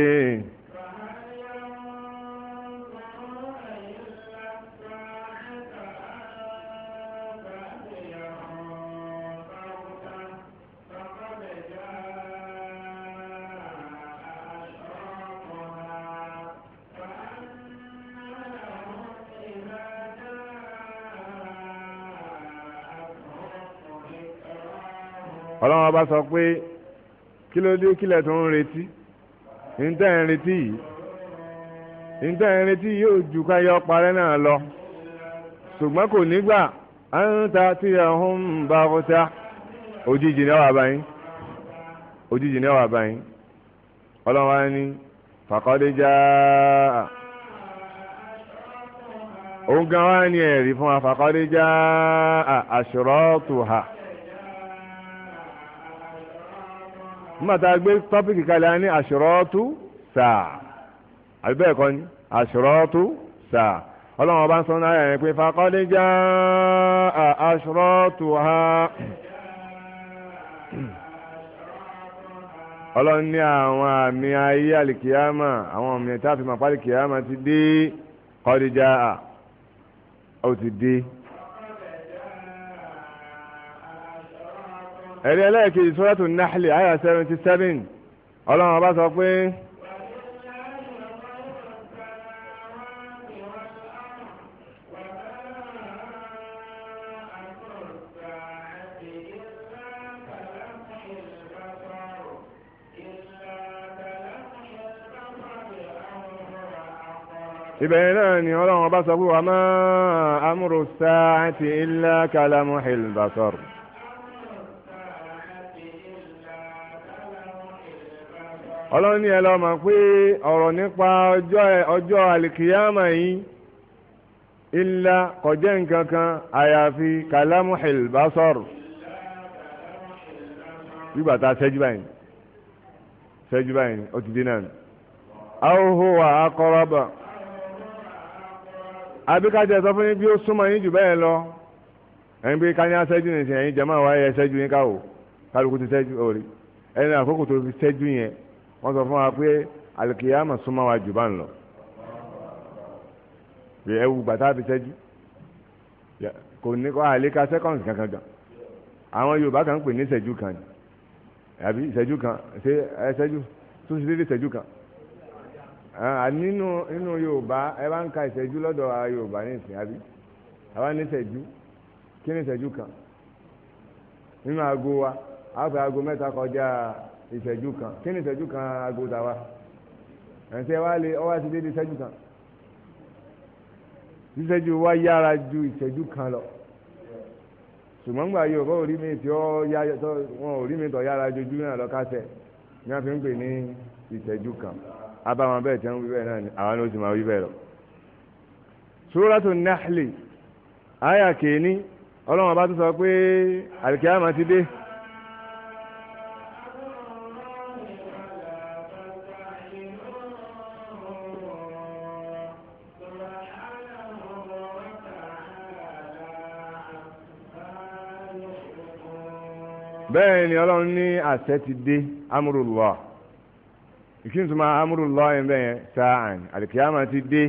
ọlọ́run ọba sọ pé kí ló dé kílẹ̀ tó ń retí níta ẹ̀ ń retí yìí níta ẹ̀ ń retí yìí yóò ju ká yọ parẹ́ náà lọ ṣùgbọ́n kò nígbà àǹtà tí ẹ̀hún ń bá kọta òjijì náà wà báyìí òjijì ní ọ̀wà báyìí ọlọ́run wa ní fàkọ́déjà òun gan wa ní ẹ̀rí fún wa fàkọ́déjà àṣùrọ́tù ha nígbà tá a gbé tọ́pìkì kalẹ̀ á ní àṣùrọ́tù sáà àbí bẹ́ẹ̀ kọ́ ni àṣùrọ́tù sáà ọlọ́run ọba ń sọ náà yẹn pé fàkọ́déjà àṣùrọ́tù ha. ọlọ́run ní àwọn àmì ayé àlìkìyàmà àwọn àmì ẹ̀ta fi màpá àlìkìyàmà ti dé kọ́díjà ó ti dé. ẹ̀rí ẹlẹ́ẹ̀kejì sọ́dọ̀tún náhìlì àyà seventy seven ọlọ́run ọba sọ pé. ìbẹ̀rẹ̀ náà ni ọlọ́run ọba sọ pé wà má amúrò sáàtì ilá kalamu hilbasor. ọlọ́run ní ẹ lọ mọ̀ pé ọ̀rọ̀ nípa ọjọ́ alikiyama yìí ilá kọjá nǹkan kan àyàfi kalamu hilbasor. bígbà tá a ṣẹ́jú báyìí ṣẹ́jú báyìí ó ti dín náà. aw huwa aqrab àbí ká tẹ̀ sọ fún yín bí ó súnmọ́ yín jù bẹ́ẹ̀ lọ ẹ̀yin bí ká ní aṣẹ́jú ní ìsìn ẹ̀yin jẹ́mọ́ wáyé ẹṣẹ́jú yín káwò kálukú ti ṣẹ́jú òrí ẹni àkókò tó fi ṣẹ́jú yẹn wọ́n sọ fún wa pé àlùkìyàmọ̀ súnmọ́ wa jù bá ń lọ bí ẹwù bàtà fi ṣẹ́jú kò ní kọ́ àlékà sẹ́kọ̀ǹsì kankan gan àwọn Yorùbá kan pè ní ìṣẹ́jú kan àbí ìṣẹ́jú kan ṣe ẹṣẹ́jú tó ṣe déédéé nínú nínú yorùbá ẹ bá ń ka ìṣẹ́jú lọ́dọ̀ ara yorùbá ní ìsìn àbí àwa ní ìṣẹ́jú kí ni ìṣẹ́jú kan nínú aago wa a fẹ́ aago mẹ́ta kọjá ìṣẹ́jú kan kí ni ìṣẹ́jú kan aago ta wa ẹ̀ǹtẹ́ wa lè ọwọ́ ti dédé ìṣẹ́jú kan ìṣẹ́jú wa yára ju ìṣẹ́jú kan lọ ṣùgbọ́n gbà yorùbá ò rí mi tí wọ́n ò rí mi tọ́ yára ju ojú náà lọ kásẹ̀ ní wọ́n fi ń pè ní ìṣẹ́jú kan abáwọn bẹ́ẹ̀ tí wọ́n wí bẹ́ẹ̀ náà ni àwọn ló ti máa wí bẹ́ẹ̀ lọ. Suratu Nahli àyà kìíní ọlọ́run ọba tó sọ pé àlìkíyàmá ti dé. bẹ́ẹ̀ ni ọlọ́run ní àṣẹ ti dé amúrúlùwà. ìkíntùmá amúrùlọ́ ẹ̀ bẹ́ẹ̀ sáàn àlìkíyàmá ti dé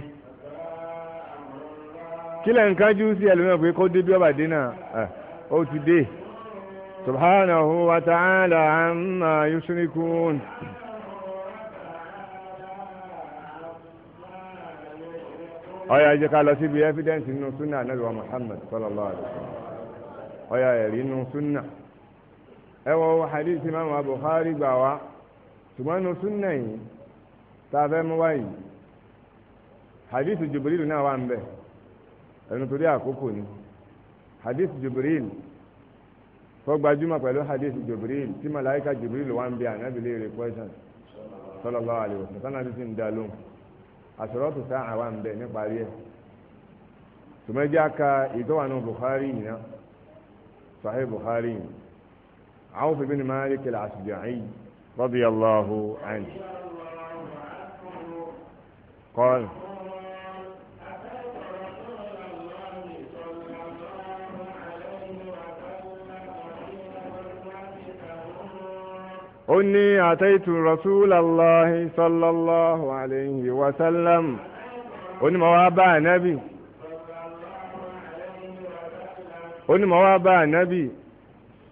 kílẹ̀ nǹkan jú sí ẹlòmíràn pé kó dé bí ọba dé náà ti dé subhanahu wa ta'ala amma yushrikun. ọ̀yà jẹ́ ká lọ síbi evidence nínú sunna anabi muhammad sallallahu Alaihi wa sallam sunna hadith imam ṣùgbọ́n inú súnà yìí tá a fẹ́ mú wáyé hadithu jibril náà wà ń bẹ̀ ẹnu torí àkókò ni hadithu jibril tó gbajúmọ̀ pẹ̀lú hadithu jibril tí malaika jibril wà ń bẹ̀ ànábì léèrè question sallallahu alaihi wasallam sọ́nà bíi ti ń da lóhùn àṣọrọ́tù sáà wà ń bẹ̀ nípa rí ẹ̀ tùmẹ́jẹ́ aka ìtọ́wànú bukhari yìí náà sahih bukhari yìí Awf bin Malik al-Ashja'i. رضي الله عنه قال إني أتيت رسول الله صلى الله عليه وسلم أني موابع نبي أني موابع نبي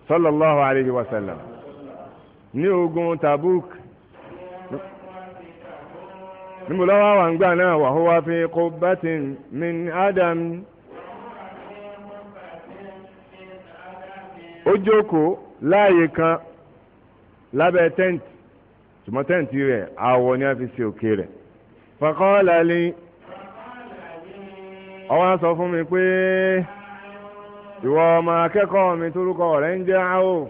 صلى الله عليه وسلم ní ogun Tabuk níbo lọ́wọ́ wà ń gbà náà wà ó wá fi qubbatin min adam ó jókòó láàyè kan lábẹ́ tẹ́ǹtì ṣùgbọ́n tẹ́ǹtì rẹ̀ àwọ̀ ni a fi ṣe òkè rẹ̀ faqala ọwọ́ sọ fún mi pé ìwọ ọmọ akẹ́kọ̀ọ́ mi torúkọ rẹ̀ ń jẹ́ Auf.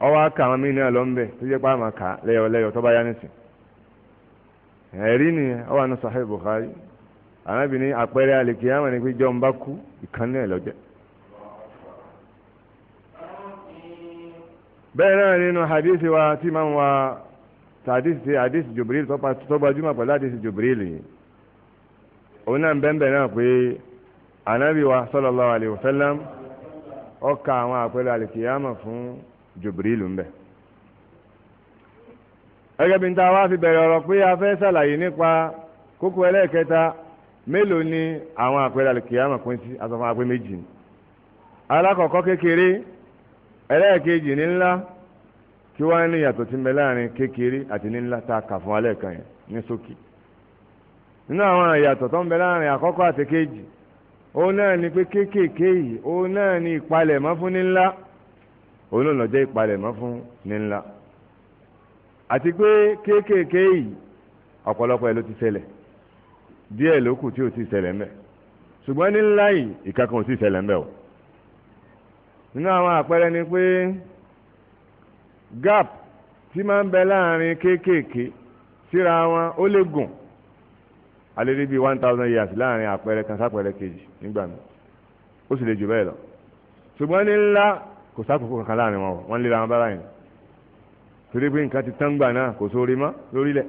ọwọ́ aka àwọn míì náà lọ ń bẹ̀ tó jẹ́ pé àmà kà lẹ́yọ̀ lẹ́yọ̀ tó bá yá nísìn ẹ̀rí ni ọwọ́ àna Sahih Bukhari ànábì ní àpẹẹrẹ àlèkè àmà ní pé jọ́n bá kú ìkan náà lọ́jẹ́. bẹ́ẹ̀ náà nínú hadith wa tí máa ń wa tàdísì hadith Jibril tó gbajúmọ̀ pẹ̀lú hadith Jibril yìí òun náà bẹ́ẹ̀ náà pé ànábì wa sallallahu alayhi wa àwọn àpẹẹrẹ àlèkè àmà fún Jibrilu ń bẹ gẹ́gẹ́ bí n ta wá fi bẹ̀rẹ̀ ọrọ pé a fẹ́ ṣàlàyé nípa kókó ẹlẹ́ẹ̀kẹta mélòó ni àwọn àpẹẹrẹ pín sí ni alákọ̀ọ́kọ́ kékeré ẹlẹ́ẹ̀kejì ní ńlá kí wọ́n ní yàtọ̀ tí ń láàrin kékeré àti ní ńlá tá a kà fún alẹ́ yẹn ní sókè nínú àwọn tó olóòlò jẹ́ ìpalẹ̀mọ́ fún ní ńlá àti pé kéékèèké yìí ọ̀pọ̀lọpọ̀ ẹ̀ ló ti ṣẹlẹ̀ díẹ̀ ló kù tí ò ti ṣẹlẹ̀ ńbẹ̀ ṣùgbọ́n ní ńlá yìí ìkankan ò ti ṣẹlẹ̀ ńbẹ̀ o nínú àwọn àpẹẹrẹ ni pé gap tí máa ń bẹ láàrin kéékèèké síra wọn ó lè gùn a bíi one thousand years láàrin àpẹẹrẹ kan sápẹẹrẹ kejì nígbà mi ó sì lè jù bẹ́ẹ̀ lọ ṣùgbọ́n ní ńlá kò sákòókò kankan láàrin wọn wọn lé làwọn bára yẹn torí pé nǹkan ti tán gbà náà kò sóore mọ́ lórílẹ̀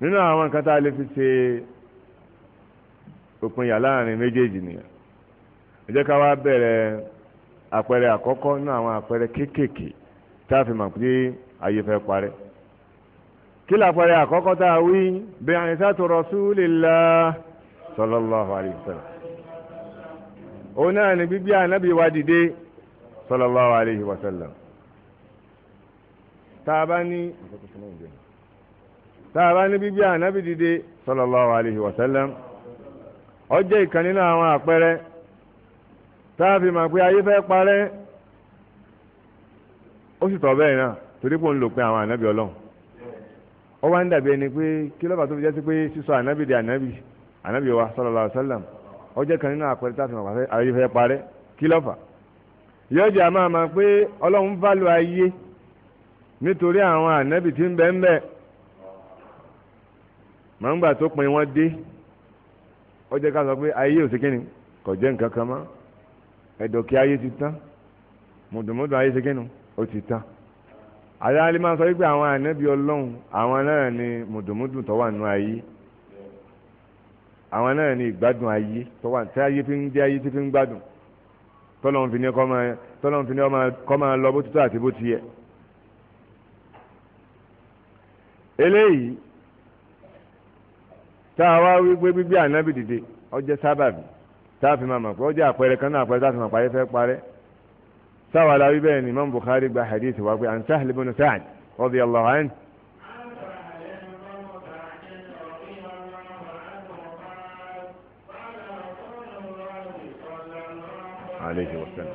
nínú àwọn nǹkan tá a lè fi ṣe òpin yà láàrin méjèèjì nìyẹn ẹ jẹ́ ká wá bẹ̀rẹ̀ àpẹẹrẹ àkọ́kọ́ nínú àwọn àpẹẹrẹ kéékèèké tá a fi mọ̀ pé ayé fẹ́ parẹ́ kí làpẹẹrẹ àkọ́kọ́ tá a wí bí àyìnsá tó Rasulillah sallallahu alaihi wasallam. ona ni bíbí anabi wa dide sallallahu alayhi wa sallam tá a bá anabi dide sallallahu alayhi wa sallam ó ikani na awon apere àpẹẹrẹ fi mọ̀ pé ayé fe pare o si tọ́ bẹ́ẹ̀ náà torí pé òun lò pé àwọn ànábì ọlọ́run ó wá ń dàbí ẹni pé fi di wa sallallahu alayhi wa sallam. ó jẹ́ kan nínú àpẹẹrẹ tá a fi mọ̀ pàṣẹ ayé fẹ́ parẹ́ kí ló fà yóò jẹ́ àmọ́ àmọ́ pé ọlọ́run bá lo ayé nítorí àwọn ànábì tí ń bẹ ń bẹ màǹgbà tó pin wọn dé ó jẹ́ ká sọ pé ayé ò sí kíni kò jẹ́ nǹkan kan mọ́ ẹ̀dọ̀ kí ayé ti tán mùdùmùdù ayé ti kíni ó ti tán àyà alẹ́ máa sọ wípé àwọn ànábì ọlọ́run àwọn náà ni mùdùmùdù tó wà nínú ayé àwọn náà ní ìgbádùn ayé tọ́wà tí ayé fi ń dé ayé tí fi ń gbádùn tọ́lọ́n fi ní kọ́ máa lọ bó títọ́ àti bó ti yẹ. eléyìí tá a wá wípé gbígbé ànábì dìde ọjẹ́ sábàbí tá a fi máa mọ̀ pé ọjẹ́ àpẹẹrẹ kan náà àpẹẹrẹ tá a fi máa parẹ́ fẹ́ parẹ́ sáwàlá wíbẹ̀ ni Imam Bukhari gba hadith wá pé an Sahl ibn Sa'd radiyallahu anhu. عليه وسلم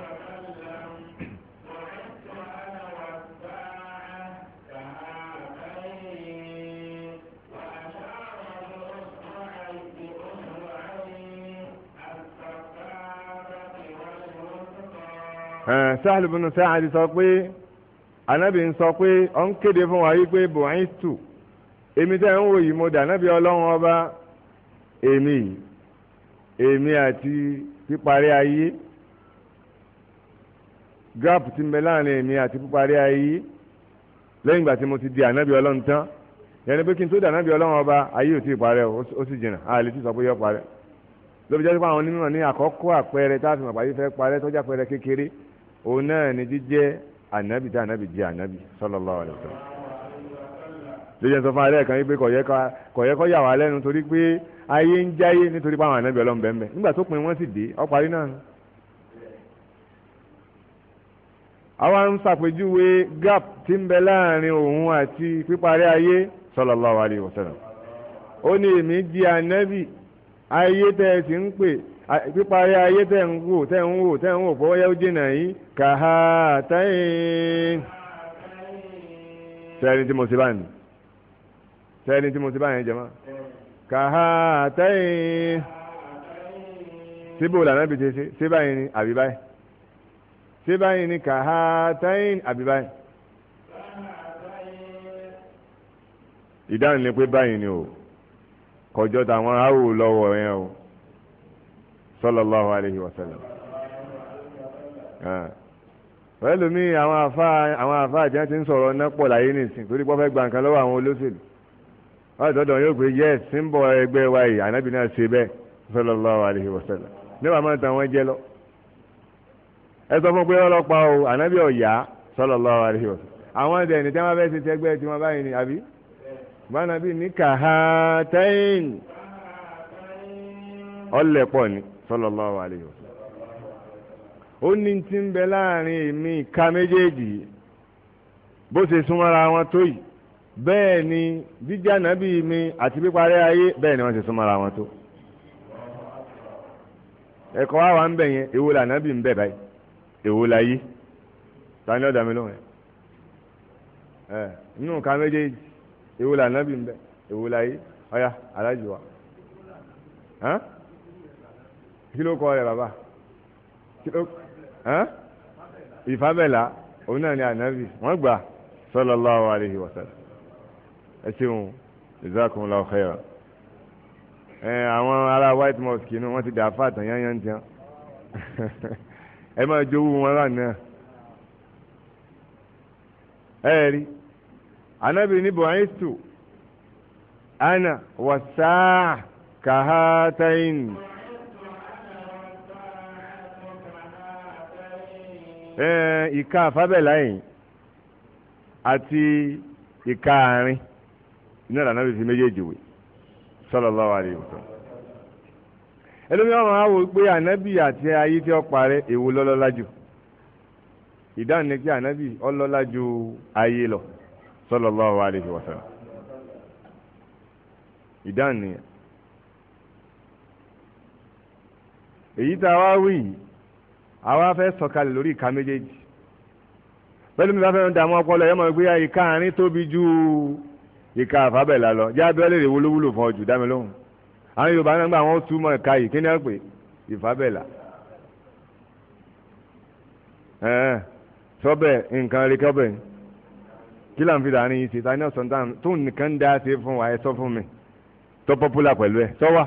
sáàlù bínú sáàdì sọ pé anábì ń sọ pé ọ ń kéde fún wa yí pé bùháín tù èmi tẹ́ ń wò yìí mo dà nábì ọlọ́run ọba èmi èmi àti píparí ayé gáàpù ti ń bẹ láàrin èmi àti píparí ayé lẹ́yìn ìgbà tí mo ti di ànábì ọlọ́run tán yẹnni pé kí n tó di ànábì ọlọ́run ọba ayé ò tí ì parẹ́ ó sì jìnnà àlè tí sọ pé yọ parẹ́ lóbi jẹ́ pé àwọn onímọ̀ ní àkọ́kọ́ àpẹẹrẹ tá a fi mọ̀ pàdé fẹ́ parẹ́ tọ́jà pẹẹrẹ kékeré òun náà ni jíjẹ́ ànábì tá ànábì jẹ́ ànábì sallallahu alaihi wasallam lóye sọ fún alẹ́ kan yìí pé kọ̀yẹ́ kọ́ yà wá lẹ́nu torí pé ayé ń jáyé nítorí pé àwọn ànábì ọlọ́run bẹ́ẹ̀ nígbà tó pin wọ́n sì dé ó parí náà àwa ń ṣàpèjúwe gap tí ń bẹ láàrin òun àti píparí ayé sallallahu alaihi wasallam ó ní èmi di ànábì ayé tẹ́ ẹ sì ń pè píparí ayé tẹ́ ń wò tẹ́ ń wò tẹ́ ń wò fọwọ́ yẹ́ ó yìí kàhá sẹ́ni tí mo ti bá ní sẹ́ni tí mo ti bá yẹn jẹ́mọ́ kàhá táyìn síbò lànà bìtẹ́ sí síbáyìí ni àbí báyìí ṣé báyìí ni kàhátáyìn àbí báyìí. ìdáhùn ni pé báyìí ni o kọjọ táwọn aráàlú lọ́wọ́ yẹn o sallallahu alaihi wasallam. Ah. pẹ̀lú mi àwọn afá àwọn afá àti àti ń sọ̀rọ̀ náà pọ̀ láyé nìsín torí pọ́fẹ́ gba nǹkan lọ́wọ́ àwọn olóṣèlú. wọ́n tọ́jọ́ yóò pé yẹ́ símbọ̀ ẹgbẹ́ wa yìí ànábì ṣe bẹ́ẹ̀ sallallahu alaihi wasallam. níwàá máa ń tan wọn jẹ lọ ẹ sọ fún pé ọlọ́pàá o ànábì ọ̀yá sallallahu alaihi wasallam àwọn ẹ̀dẹ̀ ní tẹ́wọ́n fẹ́ ṣe tẹ́gbẹ́ tí wọ́n báyìí ni àbí gbanabi ní kàhátẹ́yìn ọlẹ́pọ̀ ni sallallahu alaihi wasallam ó ní ti ń bẹ láàrin èmi ìka méjèèjì bó ṣe súnmọ́ra wọn tó yìí bẹ́ẹ̀ ni jíjà nábì mi àti píparẹ́ ayé bẹ́ẹ̀ ni wọ́n ṣe súnmọ́ra wọn tó ẹ̀kọ́ wa ń bẹ̀ yẹn èwo làǹábì ń bẹ̀ báyìí èwo la yí ta ni ọ̀dà mi lóhùn ẹ̀ nínú nǹkan méjèèjì èwo la nábì ń bẹ èwo la yí ọ̀yà alájì wa kí ló kọ́ rẹ̀ bàbá ìfábẹ́là òun náà ni ànábì wọ́n gbà sallallahu alaihi wasallam ẹ ṣeun jazakumullahu khairan àwọn ará white mosque inú wọ́n ti dà fáàtàn yányán tiẹ́ ẹ máa jowó wọn lánàá ẹ rí anabi ní buhaitu ana wasaa kahatain. ìka àfábẹ́lá yìí àti ìka àárín náà lànà bí fi méjèèjì wè sallallahu alaihi wasallam ẹlòmíì ọmọ wa wò pé ànábì àti ayé tí ó parẹ́ èwo lọ́lọ́lá jù ìdáhùn ni pé ànábì ọlọ́lá ju ayé lọ sallallahu alaihi wasallam ìdáhùn nìyẹn èyí tá a wá wí yìí àwa fẹ́ sọ̀kalẹ̀ lórí ìka méjèèjì pẹ̀lú mi bá fẹ́ràn dààmú ọpọlọ ẹ̀yọ́ mọ̀ pé ìka àárín tóbi ju ìka àfábẹ̀là lọ jábẹ́ lè wúlò wúlò fún ọ jù dá lóhùn àwọn yorùbá náà gba àwọn túmọ̀ ẹ̀ka yìí kí ni wọ́n pè ìfábẹ́là ẹ̀ẹ́n sọ́bẹ̀ nǹkan rí kọ́bẹ̀ kí là ń fi dàní yìí ṣe ta ní ọ̀sán tán tó nìkan dá ṣe fún wa ẹ sọ fún mi tó pọ́pùlà pẹ̀lú ẹ sọ wa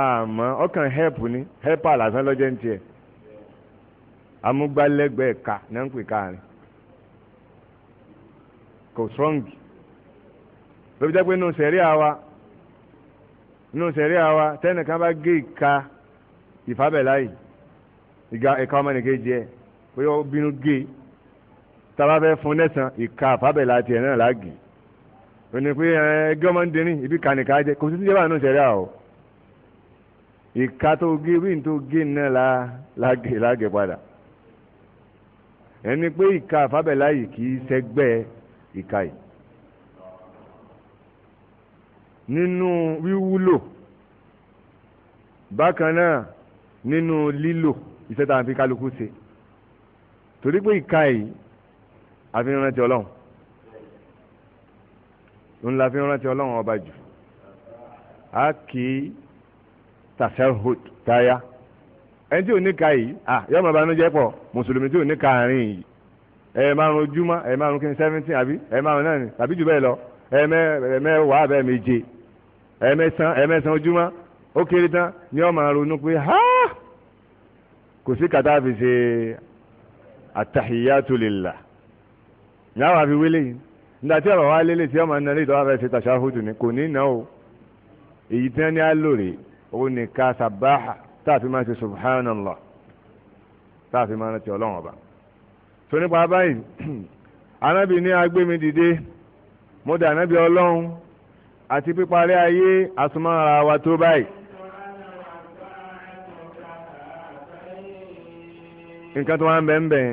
àmọ́ ọkàn help ni helper lásán lọ́jọ́ ní tiẹ̀ amúgbálẹ́gbẹ̀ẹ́ ka ní wọ́n pè káàrin kò strong lóbi jẹ́ pé inú sẹ̀rí àwa nínú sẹ̀rí àwa tẹ́nìkan bá gé ìka ìfábẹ̀láyì ìka ìka ọmọnìkejì ẹ̀ bóyá ó bínú gé tábà fẹ́ fún lẹ́sàn ìka ìfábẹ̀lá tiẹ̀ náà láàgì òní pé ẹgbẹ́ ọmọdéní ibi kànìkà jẹ kò sí ti jẹ́ báyìí nínú sẹ̀rí àwọ̀ ìka tó gé wíìn tó gé náà láàgì láàgì padà ẹni pé ìka ìfábẹ̀láyì kì í sẹ́gbẹ́ ìka yìí nínú wíwúlò bákan náà nínú lílò iṣẹ́ tá a fi kálukú ṣe torí pé ìka yìí àfi rántí ọlọ́run òun la fi rántí ọlọ́run ọba jù a kì í tàṣẹ́hùd táyà ẹni tí ò ní ka yìí à yọ ọmọ ìbànújẹ́ pọ̀ mùsùlùmí tí ò ní ka yìí ẹ̀ márùn ojúmọ́ ẹ̀ márùn kí ni seventeen àbí ẹ̀ márùn náà ni tàbí jù bẹ́ẹ̀ lọ ẹ̀ mẹ́wàá bẹ́ẹ̀ méje ẹ̀ẹ̀mẹsàn ẹ̀ẹ̀mẹsàn ojúmọ́ ó kéré tán ni ọ máa ronú pé ha kò sí kàtà fi ṣe àtàhíyàtò lillah ní àwọn àfi wílé yìí nígbà tí ọ̀rọ̀ wa lélẹ̀ tí ọmọ náà lè tọ́wọ́ fẹ́ ṣe tàṣáhùdù ni kò ní náà o èyí tí wọ́n ní àlòrè ó ní ká sàbáhà táàfin máa ṣe subhanallah táàfin máa rántí ọlọ́run ọba tó nípa báyìí anábì ní agbémi dìde mo dà anábì ọlọ́run àti píparí ayé asúmọ́ra wa tó báyìí. nǹkan tó wá ń bẹ̀ ń bẹ̀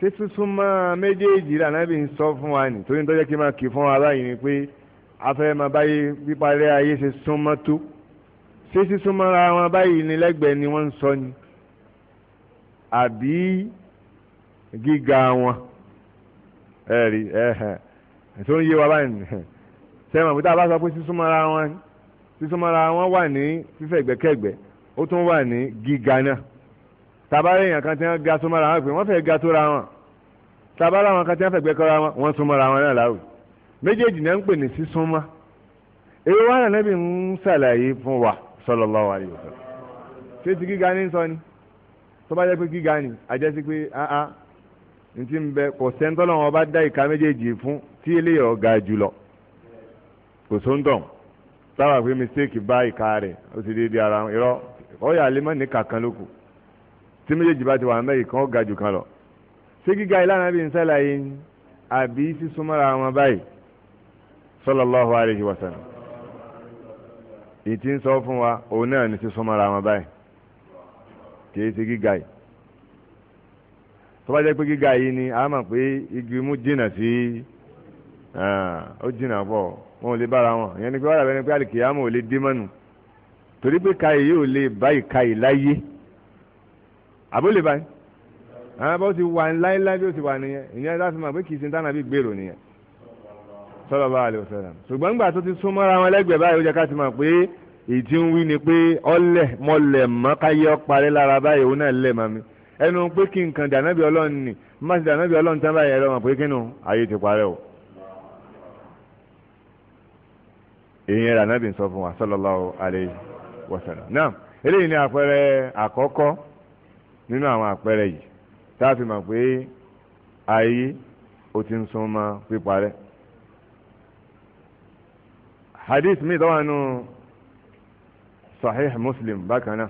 ṣé súnmọ́ méjèèjì lànàbí ń sọ fún wa nì torí ń tọ́jú kí n máa kì í fún wa báyìí ni pé afẹ́ máa báyé píparí ayé ṣe súnmọ́ tó ṣé sísúnmọ́ra wọn báyìí ni lẹ́gbẹ̀ẹ́ ni wọ́n ń sọ ni àbí gíga wọn ẹ̀rí ẹ̀hẹ̀ tó ń yé wa báyìí sẹ́wọ̀n pé tá a bá sọ pé sísúnmọ́ra wọn sísúnmọ́ra wọn wà ní fífẹ́ ìgbẹ́kẹ̀gbẹ́ ó tún wà ní gíga náà tabarí èèyàn kan tí wọ́n ga súnmọ́ra wọn pé wọ́n fẹ́ ga tóra wọn tabarí àwọn kan tí wọ́n fẹ́ gbẹ́kọ́ra wọn wọ́n súnmọ́ra wọn náà láwùjọ méjèèjì náà ń pè ní sísúnmọ́ èyí wà náà lẹ́bi ń ṣàlàyé fún wa sallallahu alaihi wasallam ṣé ti gíga ní sọ ni tó bá jẹ́ pé gíga ni àjẹsí pé áá ntí ń bẹ kò sẹ́ńtọ́ lọ́wọ́ ọba dá ìka méjèèjì fún tí eléyìí ọ̀gá jùlọ kò tó ń dàn sábà pé mistake bá ìka rẹ̀ ó ti di ara wọn irọ́ ọ̀yà lè mọ́ níkà kan lóko tí méjèèjì bá ti wà mẹ́yì kan ó ga jù kan lọ. ṣé gíga ìlànà bi n sẹ́láyé ni àbí sísúnmọ́ra wọn báyìí sallallahu wa wasallam. ìtì ń sọ fún wa òun náà ni sísúnmọ́ra wọn báyìí kìí ṣe gíga yìí. tó pé gíga yìí ni a mọ̀ pé igi mú jìnnà sí ó jìnnà pọ̀. wọn ò lè bára wọn ìyẹn ni pé wàhálà bẹni pé àlìkìyàmù ò lè dé mọ́nu torí pé káyì yóò lè bá ìkáyì láyé àbó lè báyìí àwọn bó ti wà láéláé bí ó ti wà nìyẹn ìyẹn láti mọ̀ pé kì í sin tánà bí gbèrò nìyẹn sallallahu alaihi wasallam ṣùgbọ́n gbà tó ti sún mọ́ra wọn lẹ́gbẹ̀ẹ́ báyìí ó jẹ́ ká ti mọ̀ pé èyí tí ń wí ni pé ọlẹ̀ mọ̀lẹ̀ mọ́ káyé ọparẹ́ lára báyìí òun náà lẹ̀ ìyẹn rà nàbì sọ fún wa sallallahu alayhi wa sallam náà eléyìí ni àpẹẹrẹ nínú àwọn àpẹẹrẹ yìí tá a fi pé ayé ó ti ń sún hadith mi tó nù sahih muslim bákan náà.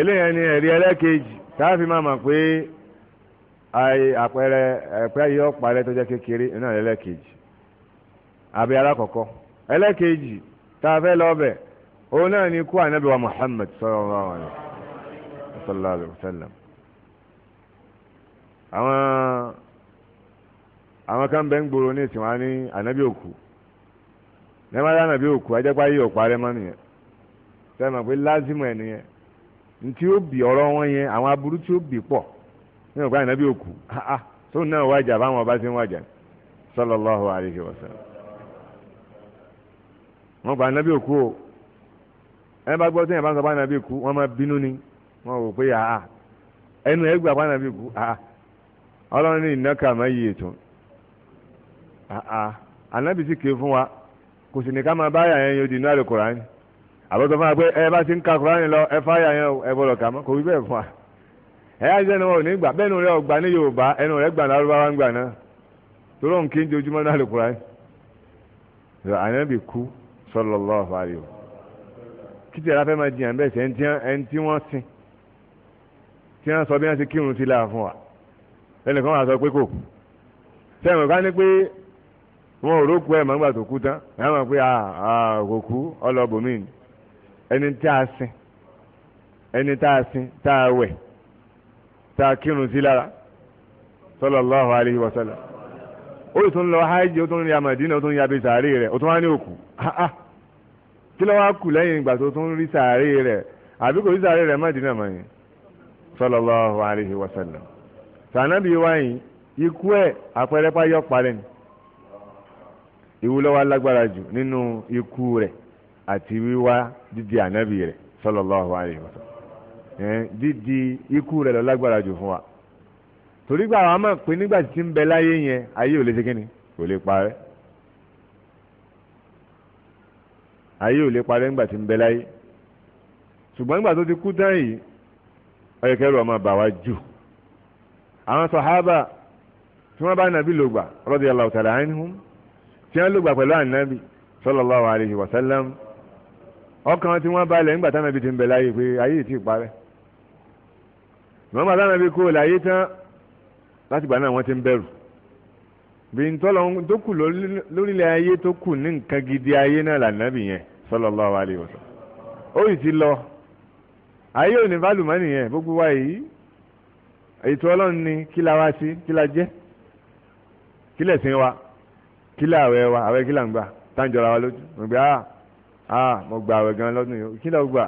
eléyẹn ni ẹ̀rí ẹlẹ́kejì káfí máa mọ̀ pé àpẹẹrẹ ẹ̀pẹ́ yìí ọ̀parẹ́ tó jẹ́ kékeré náà ẹlẹ́kejì àbí alákọ̀ọ́kọ́ ẹlẹ́kejì tá a fẹ́ lọ́bẹ̀ òun náà ni kú ànábì wa Muhammad sallallahu alaihi wasallam àwọn àwọn kan bẹ́ ń gbòòrò ní ìsìn wa ní ànábì òkú lẹ́mọ́dá ànábì òkú ajẹ́pá yìí ọ̀parẹ́ mọ́ nìyẹn sẹ́mi pé lázìmọ̀ ẹ̀ nìyẹn nti obi bì ọ̀rọ̀ wọn yẹn àwọn aburú tí ó bì nínú òkú haha náà wájà ti ń wájà sallallahu alayhi wa gba ìnábì òkú o ẹ bá gbọ́ sẹ́yìn bá ń sọ bá ìnábì òkú wọ́n máa bínú ni wọ́n rò pé haha ẹnu ẹ gbà bá ìnábì òkú haha ọlọ́run ní ìnáka máa yí ètò haha fún wa kò sì ní ká máa yẹn àbọ̀tọ̀ fún wa pé ẹ bá ti ń ka kúránì lọ ẹ fáyà yẹn o ẹ bọ̀lọ̀ kà mọ́ kò wí bẹ́ẹ̀ fún wa ẹ á jẹ́ ẹnu wọn ò ní gbà bẹ́ẹ̀ nu rẹ ọgbà ní Yorùbá ẹnu rẹ gbà lárúbáwá ń gbà náà torí òun kí ń jojúmọ́ náà lè kúránì lọ ànábì kú sallallahu alaihi o kí tí ara fẹ́ máa jiyàn bẹ́ẹ̀ sẹ́ ẹni tí wọ́n sin tí wọ́n sọ bí wọ́n ti kírun sí láà fún wa ẹnìkan wà sọ pé kò ẹni tí a sin ẹni tá a sin tá a wẹ̀ tá a kírun sí lára wa sallam tún lọ hajj ó tún ya Madina ó tún ya bí sàárè rẹ̀ ó tún wá ní òkú ah, ah. kí ló wá kù lẹ́yìn ìgbà tó tún rí sàárè àbí kò rí sàárè Madina yẹn wa sànàbí ikú ni ìwúlọ́wọ́ alágbára àti wíwá dídi ànábì rẹ̀ sallallahu alaihi wasallam dídi ikú rẹ̀ ló lágbára jù fún wa torí gbà wá mọ̀ pé nígbà tí ń bẹ láyé yẹn ayé ò lè ṣe kíni kò lè parẹ́ ayé ò lè parẹ́ nígbà tí ń bẹ láyé ṣùgbọ́n nígbà tó ti kú tán yìí ó yẹ ọmọ bà wá jù àwọn sàhábà tí wọ́n bá nàbí lògbà radiyallahu ta'ala anhum tí wọ́n lògbà pẹ̀lú ànábì sallallahu alaihi wasallam ọkàn tí wọ́n balẹ̀ ńgbà táwọn ibi ti ń bẹ̀ láyé pé ayé ti parẹ́ mọ̀mọ́ táwọn ibi kó láyé tán láti gbà náà wọ́n ti ń bẹ̀rù bí n tọ́lọ tó kù lórílẹ̀ ayé tó kù ní nǹkan gidi ayé náà lànàbì yẹn sallallahu alaihi wasallam ó yìí ti lọ ayé ò ní fálùmọ́ nìyẹn gbogbo wa yìí ètò ọlọ́run ni kí la wá sí kí la jẹ́ kí lẹ̀sìn wa kí la àwẹ̀ wa àwẹ̀ kí la ń gbà táǹjọra wa lójú mo gbé ah ah mo gba àwẹ̀ gan lọ́dún yìí kí ló gbà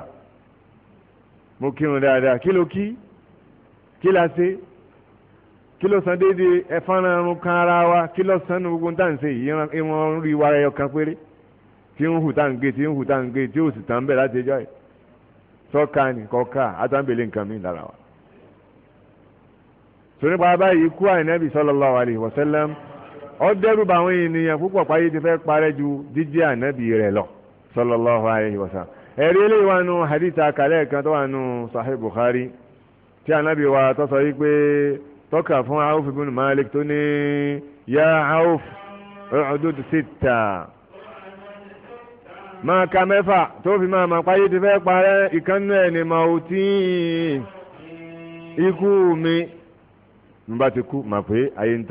mo kírun dáadáa kí ló kí kí la ṣe kí ló san déédéé ẹ̀fọ́nrán kan ara wa kí ló san nu gbogbo tá à ń ṣe yìí ìwọ̀n rí wa ẹyọ kan péré tí ń hù tá à ń gé tí ń hù tá à ń gé tí ó sì tán bẹ́ẹ̀ láti ẹjọ́ yìí tọ́ka ni kọ́ka àtàǹbẹ̀lẹ̀ nǹkan mi lára wa. torí pa báyìí kú àìnẹ́bì sallallahu alaihi wasallam ó dẹ́rù bá àwọn ènìyàn púpọ̀ páyé ti fẹ́ parẹ́ ju jíjẹ́ ànẹ́bì sallallahu alayhi wa sallam ẹ̀rí eléyìí wà nù hadith akalẹ̀ kan tó wà nù sahih bukhari tí anabi wa tó sọ wípé tọ́ka fún Auf ibn Malik tó ní yá Auf ọ̀dọ́dù síta máa ka mẹ́fà tó fi máa ma páyé ti fẹ́ parẹ́ ìkànnú ẹ̀ ní màùtí ikú mi n ti kú mà pé ayé ń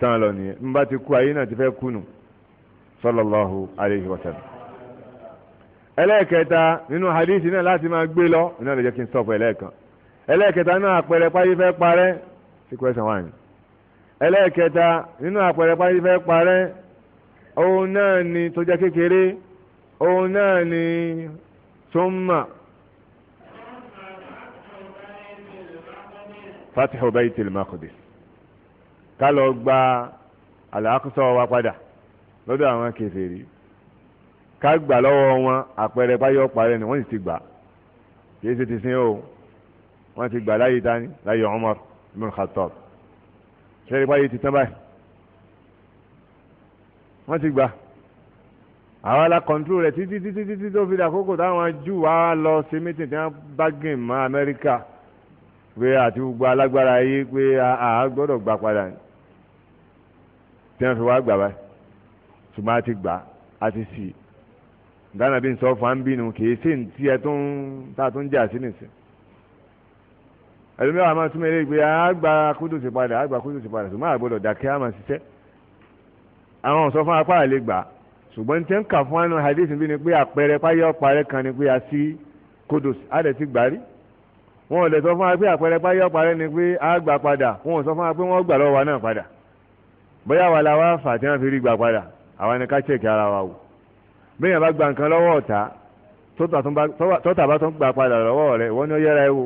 tán ń nìyẹn n ti kú ayé náà ti fẹ́ kú nù sallallahu wa sallam ẹlẹ́ẹ̀kẹta nínú hadith náà láti máa gbé lọ iná lè jẹ́ kí n sọ̀pọ̀ ẹlẹ́ẹ̀kan ẹlẹ́ẹ̀kẹta nínú àpẹẹrẹ páyé fẹ́ parẹ́ sí question one ẹlẹ́ẹ̀kẹta nínú àpẹẹrẹ páyé fẹ́ parẹ́ òun náà ni tó jẹ́ kékeré òun náà ni summa fatihu baitil maqdis ká lọ gba al-Aqsa wa padà lọ́dọ̀ àwọn kèfèrí ká gbà lọ́wọ́ wọn àpẹẹrẹ báyọ̀ parẹ́ ni wọ́n sì ti gbà kìí ṣe ti sin o wọ́n ti gbà láyé dání láyé Umar ibn Khattab ṣẹ́rí báyé ti tán báyìí wọ́n ti gbà àwa la kọ̀ǹtúrò rẹ̀ títí títí títí tó fi dàkókò táwọn jù wá lọ sí mítìn tí wọ́n bá gìn mọ́ Amẹ́ríkà pé àti gbogbo alágbára yìí pé àá gbọ́dọ̀ gbà padà ni tí wọ́n fi wá gbà báyìí ṣùgbọ́n a ti gbà a ti sì í dáná bí n sọ fún àǹbínú kìí sí ní tí ẹ tó ń tá a tó ń jà sí nìsín ẹlòmíràn àmọ́ súnmọ́ eré ìgbé àgbà kúdùsì padà àgbà kúdùsì padà ṣùgbọ́n àgbọ̀dọ̀ dàkẹ́ àmọ́ ṣiṣẹ́ àwọn sọ fún apá àlè gbà ṣùgbọ́n ní tẹ́ ń kà fún àánú hadith bí ni pé àpẹẹrẹ páyé ọ̀parẹ́ kan ni pé a sí kúdùsì á dẹ̀ ti gbà rí wọn ò lè sọ fún wa pé àpẹẹrẹ páyé ọ̀parẹ́ ni pé a gbà padà wọn ò sọ fún wa pé wọ́n gbà lọ́wọ́ wa náà padà bóyá wa la wá fà tí wọ́n fi rí gbà padà àwa ni ká ṣèkì ara wa wò bẹ́ẹ̀ yẹn bá gba nǹkan lọ́wọ́ ọ̀tá tọ́tà bá tún gbà padà lọ́wọ́ rẹ̀ wọ́n ní ó yẹra ẹ wò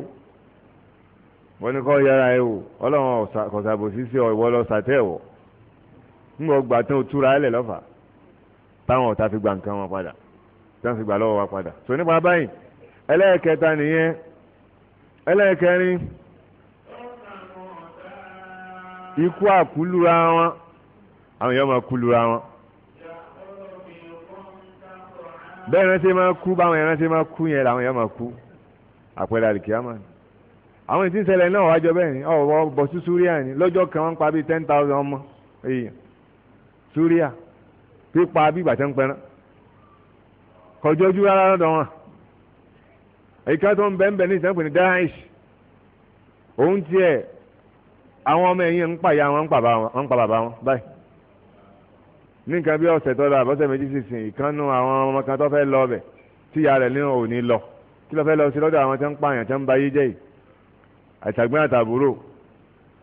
wọ́n ní kọ́ yẹra ẹ wò ọlọ́run kọ̀sàbò sísè ọ̀wọ́ lọ sàtẹ́wọ̀ ńgbọ́ gbà tán o túra ẹ̀ lẹ̀ lọ́fà táwọn ọ̀tá fi gba nǹkan wọn padà táwọn fi gbà lọ́wọ́ wa padà tó nípa báyìí ẹlẹ́ẹ̀kẹta nìyẹn ẹlẹ́ẹ̀kẹrin ikú àkúlura wọn àwọn èèyàn máa kúlura wọn. bẹ́ẹ̀ ẹran ṣe máa kú báwọn ẹran ṣe máa kú yẹn làwọn èèyàn máa kú àpẹẹrẹ àlìkíyàmá ni àwọn ìsìn ìṣẹ̀lẹ̀ náà wájọ bẹ́ẹ̀ ni ọ̀wọ́ bọ̀ sí súríà ni lọ́jọ́ kan wọ́n pa bíi ten thousand ọmọ èèyàn súríà pípa bí ìgbà tẹ́ ń pẹran kọjọ́jú rárá lọ́dọ̀ wọn ìka tó ń bẹ́ẹ̀ ń bẹ́ẹ̀ ní ìsìnkú ní Daesh òun tiẹ̀ àwọn ọmọ ẹ̀yìn ń pa wọn ń pa bàbá wọn báyìí ní nǹkan bí ọ̀sẹ̀ tó lọ àbọ̀sẹ̀ méjì sísìn ìkànnù àwọn ọmọ kan tó fẹ́ lọ ọbẹ̀ tí ìyá rẹ̀ nínú òní lọ kí ló fẹ́ lọ sí lọ́dọ̀ àwọn tó ń pààyàn tó ń ba yé jẹ́ yìí àtàgbẹ́ àtàbúrò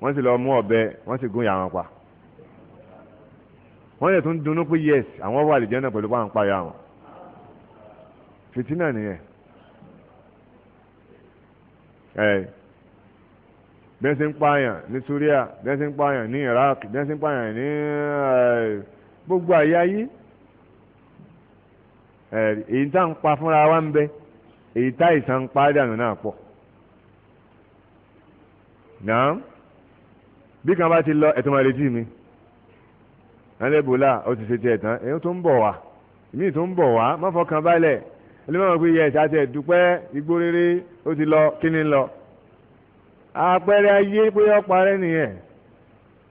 wọ́n sì lọ mú ọ̀bẹ wọ́n sì gún ìyá wọn pa wọ́n yẹ tún dunnú pé yes àwọn wà lìjẹ́ náà pẹ̀lú pààrọ̀ pààyà wọn fìtínà nìyẹn ẹ bẹ́ẹ̀ sì ń pààyàn ní Suria bẹ́ẹ̀ sì ń pààyàn ní Iraq bẹ́ẹ̀ sì ń pààyàn ní ẹ gbogbo àyè ayé èyí tá ń pa fúnra wa ń bẹ èyí tá ìsàn ń pa dànù náà pọ̀ náà bí kan bá ti lọ ẹ̀tọ́ máa retí mi alẹ́bùlà ó ti ṣe tiẹ̀ tán èyí tó ń bọ̀ wá ìmí tó ń bọ̀ wá má fọkàn balẹ̀ ẹlẹ́mọ̀ pé yẹ ẹ̀sà tẹ̀ dúpẹ́ igbó rere ó ti lọ kí ni lọ àpẹẹrẹ ayé pé ọ̀parẹ́ nìyẹn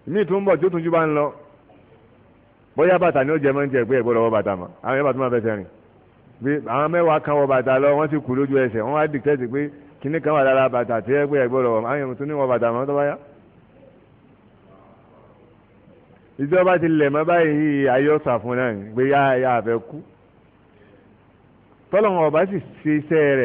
ìmí tó ń bọ̀ tó tún jù bá ń lọ bóyá bàtà ni ó jẹ mọ́ńjẹ pé ẹ̀gbọ́dọ̀ wọ bàtà mọ́ àwọn yẹn bàtà máa fẹsẹ̀ rìn bí àwọn mẹ́wàá kan wọ bàtà lọ wọ́n sì kú lójú ẹsẹ̀ wọ́n wá dìtẹ́tì pé kíní kan wà lára bàtà tí ẹgbẹ́ ẹ̀gbọ́dọ̀ wọ àwọn yẹn tún ní wọ bàtà mọ́ tó bá yá. ìjọba ti lẹ̀ mọ́ báyìí ayọ́sà fún náà pé yá yá àfẹ́ kú tọ́lọ́wọ́n ọba sì ṣe iṣẹ́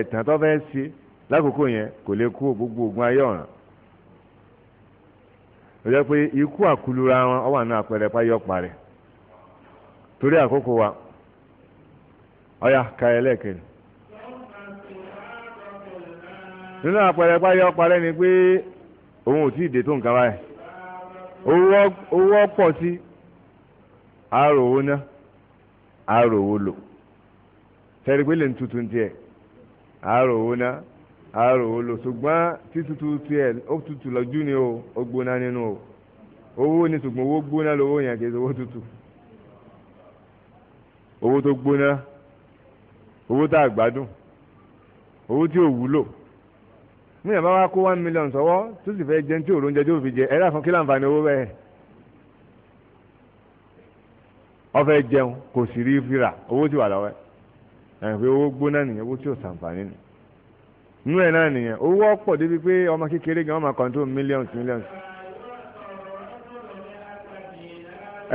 rẹ̀ torí àkókò wa ọ̀yà ka lẹ́ẹ̀kejì. nínú àpẹẹrẹ páyé ọparẹ́ ni pé òun ò tí ì dé tó nǹkan báyìí owó ọ̀pọ̀ sí àròwó ná àròwó lò tẹ́rí pé lè tuntun tiẹ̀ àròwó ná àròwó lò ṣùgbọ́n títútù tiẹ̀ ó tutù lọ́jú ni o ó gbóná nínú ni ṣùgbọ́n owó gbóná lówó yẹn kì í ṣe owó tó gbóná owó tá a gbádùn owó tí ò wúlò ní ìyàbá wa kó one million sọ́wọ́ tó sì fẹ́ jẹun tí òòrùn jẹ tí ò fi jẹ ẹ láfún kí láǹfààní owó bẹ́ẹ̀ ọfẹ jẹun kò sì rí fira owó tí wà lọ́wọ́ ẹ ẹ pé owó gbóná nìyẹn owó tí ò sàǹfààní nìyẹn nú ẹ náà nìyẹn owó ọ̀pọ̀ débi pé ọmọ kékeré gan ọmọ kan tó millions millions.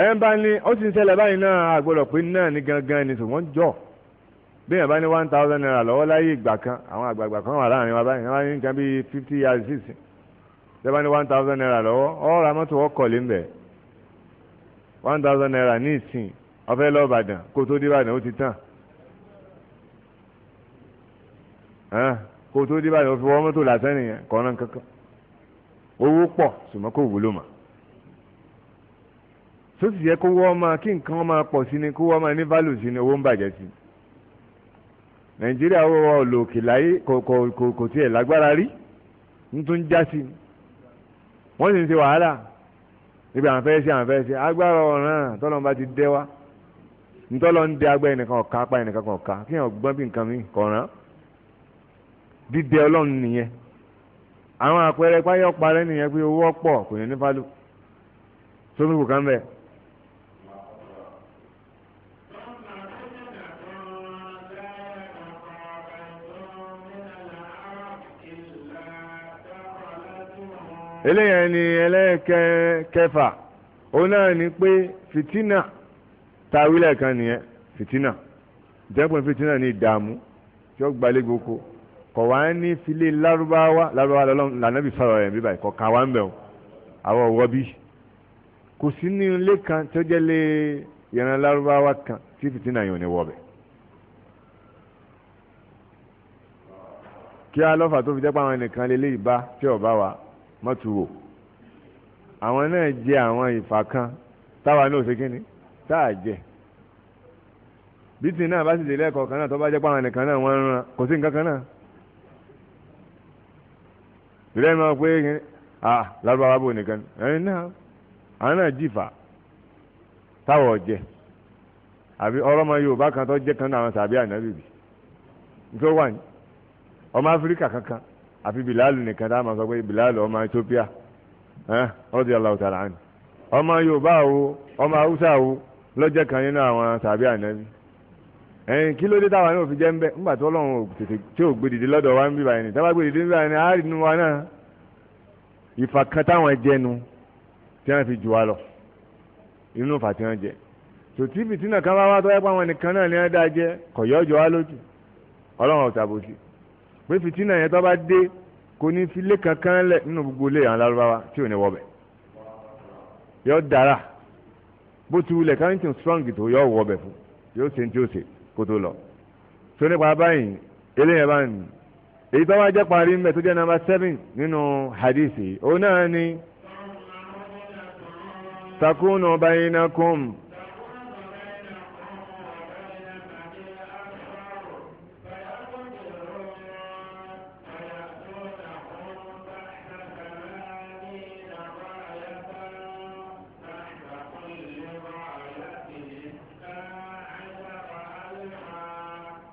ẹ̀ ń bá ní ó sì ń ṣẹlẹ̀ báyìí náà àgbọ̀dọ̀ pé náà ní gangan ni ṣùgbọ́n jọ bí èèyàn bá ní one thousand naira lọ́wọ́ láyé ìgbà kan àwọn àgbààgbà kan wà láàrin wa báyìí wọ́n ní nǹkan bíi fifty years six ṣé bá ní one thousand naira lọ́wọ́ ó ra mọ́tò ọkọ̀ lé ń one thousand naira ní ìsìn ó fẹ́ lọ Ìbàdàn kó tó dé Ìbàdàn ó ti tàn kó tó dé Ìbàdàn ó fi wọ́ mọ́tò làtẹ́ nìyẹn kọ́nà kankan owó pọ̀ ṣùgbọ́n kò wúlò mọ́ tó sì yẹ kó wọ́n máa kí nǹkan máa pọ̀ sí ni kó wọ́n máa ní value sí ni owó ń bàjẹ́ sí nàìjíríà wọ́n wọ́n lòkè láyé kò kò kò kò tiẹ̀ lágbára rí ń tún já sí wọ́n sì ń ṣe wàhálà ibi àwọn fẹ́ ṣe àwọn agbára ọ̀ràn tọ́lọ́n bá ti dẹ́ wa ntọ́lọ́ ń dẹ agbára ẹnìkan ọ̀ka apá ẹnìkan ọ̀ka kí èèyàn gbọ́n bí nǹkan mi kọ̀ràn dídẹ ọlọ́run nìyẹn àwọn àpẹẹrẹ páyọ̀ parẹ́ nìyẹn pé owó ọ̀pọ̀ kò ní ní fálù sómi kò kán bẹ́ẹ̀. eléyẹn ni ẹlẹ́ẹ̀kẹfà òun náà ni pé fìtínà tawílẹ̀ kan nìyẹn fìtínà jẹ́pọ̀ fìtínà ní ìdààmú tí ó gbalẹ̀ gboko kọ̀ wá ní filé lárúbáwá larubawa lọ́lọ́run lànàbì sọ̀rọ̀ rẹ̀ bíbáyìí kọ̀ kàn wá ń bẹ̀ o àwọn ọ̀wọ́ bí kò sí ní ilé kan tí ó jẹ́ lé ìran lárúbáwá kan tí fìtínà yẹn ò ní wọ̀ kí á lọ́fà tó fi jẹ́ pé àwọn lé lé ìbá tí ò bá wa mọ́túwò àwọn náà jẹ àwọn ìfà kan táwa náà ṣe kíni tá a jẹ bítì náà bá sì délé ẹ̀kọ́ kan náà tó bá jẹ́ pé àwọn nìkan náà wọ́n ń ran kò sí nǹkan kan náà ìrẹ́ mi pé ah lárúbáwá bò nìkan ẹ̀yin náà àwọn náà jìfà táwa ọ̀jẹ̀ àbí ọlọ́mọ Yorùbá kan tó jẹ́ kan náà àwọn sàbí ànábìbì nítorí wà ní ọmọ Áfíríkà kankan àfi bilalu nìkan tá a máa sọ pé bilalu ọmọ ethiopia radiyallahu ta'ala anhu ọmọ yorùbá wo ọmọ haúsá wo lọ́jọ́ kan nínú àwọn tàbí ànábi ẹ̀yìn kí ló dé táwa náà fi jẹ́ ń bẹ́ ńgbà tí ọlọ́run tètè tí ò gbèdìdì lọ́dọ̀ wa ń bíbà yẹn ni táwa gbèdìdì ń bíbà yẹn ni a rí nu wa náà ìfà kan táwọn jẹnu tí wọ́n fi jù wa lọ inú ìfà tí wọ́n jẹ tòtí fìtínà kan bá wá tọ́jú pé àwọn nìkan náà ni wọ́n jẹ kọ̀yọ́jọ́ wa lójú ọlọ́run ọ̀tàbòsí pé fìtínà yẹn tó bá dé kò ní fi lé kankan lẹ̀ nínú gbogbo ilé àwọn Lárúbáwá tí ò ní wọbẹ̀ yọ dára bó ti wulẹ̀ káyọ̀tì strong tó yọ wọbẹ̀ fún yóò ṣe tí ó ṣe kó tó lọ tó nípa báyìí eléyìí bá ní èyí tó wá jẹ́ parí ń bẹ̀ tó jẹ́ nàmbà seven nínú hadithi òun náà ni takunu bayinakum.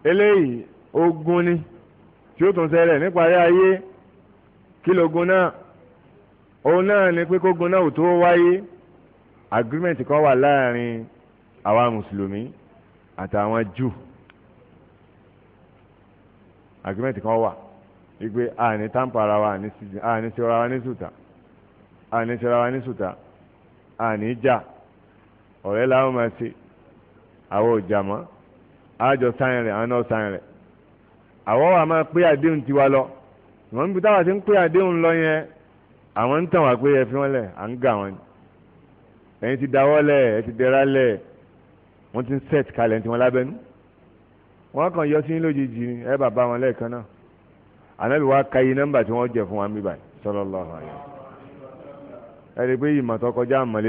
eléyìí ogun ni tí ó tún ṣẹlẹ̀ níparí ayé kí lógun náà òun náà ni pé kógun náà ò tó wáyé agreement kan wà láàrin àwa mùsùlùmí àtàwọn jù agreement kan wà wípé àní tampa ara wa àní sí ara wa ní sùtà àní sí ara wa ní sùtà àní jà ọ̀rẹ́ làwọn máa ṣe àwọn ò jà mọ́ àjọ sáyẹn rẹ̀ àná sáyẹn rẹ̀ àwọn wa máa pé àdéhùn tiwa lọ wọ́n ń bi táwa ti ń pé àdéhùn lọ yẹn àwọn ń tàn wá pé ẹ fi wọ́n lẹ̀ à ń gà wọ́n ẹ̀yin ti dáwọ́ lẹ̀ ẹ ti dẹra lẹ̀ wọ́n ti ń set kalẹ̀ tiwọn lábẹ́nú wọ́n kàn yọ sí lójijì ni ẹ bàbá wọn lẹ́ẹ̀kan náà ànábì wa ka iye nọ́mbà tí wọ́n jẹ fún wa ń bí báyìí sallallahu alaihi wasallam ẹ rí i pé ìmọ̀ kọjá àmọ́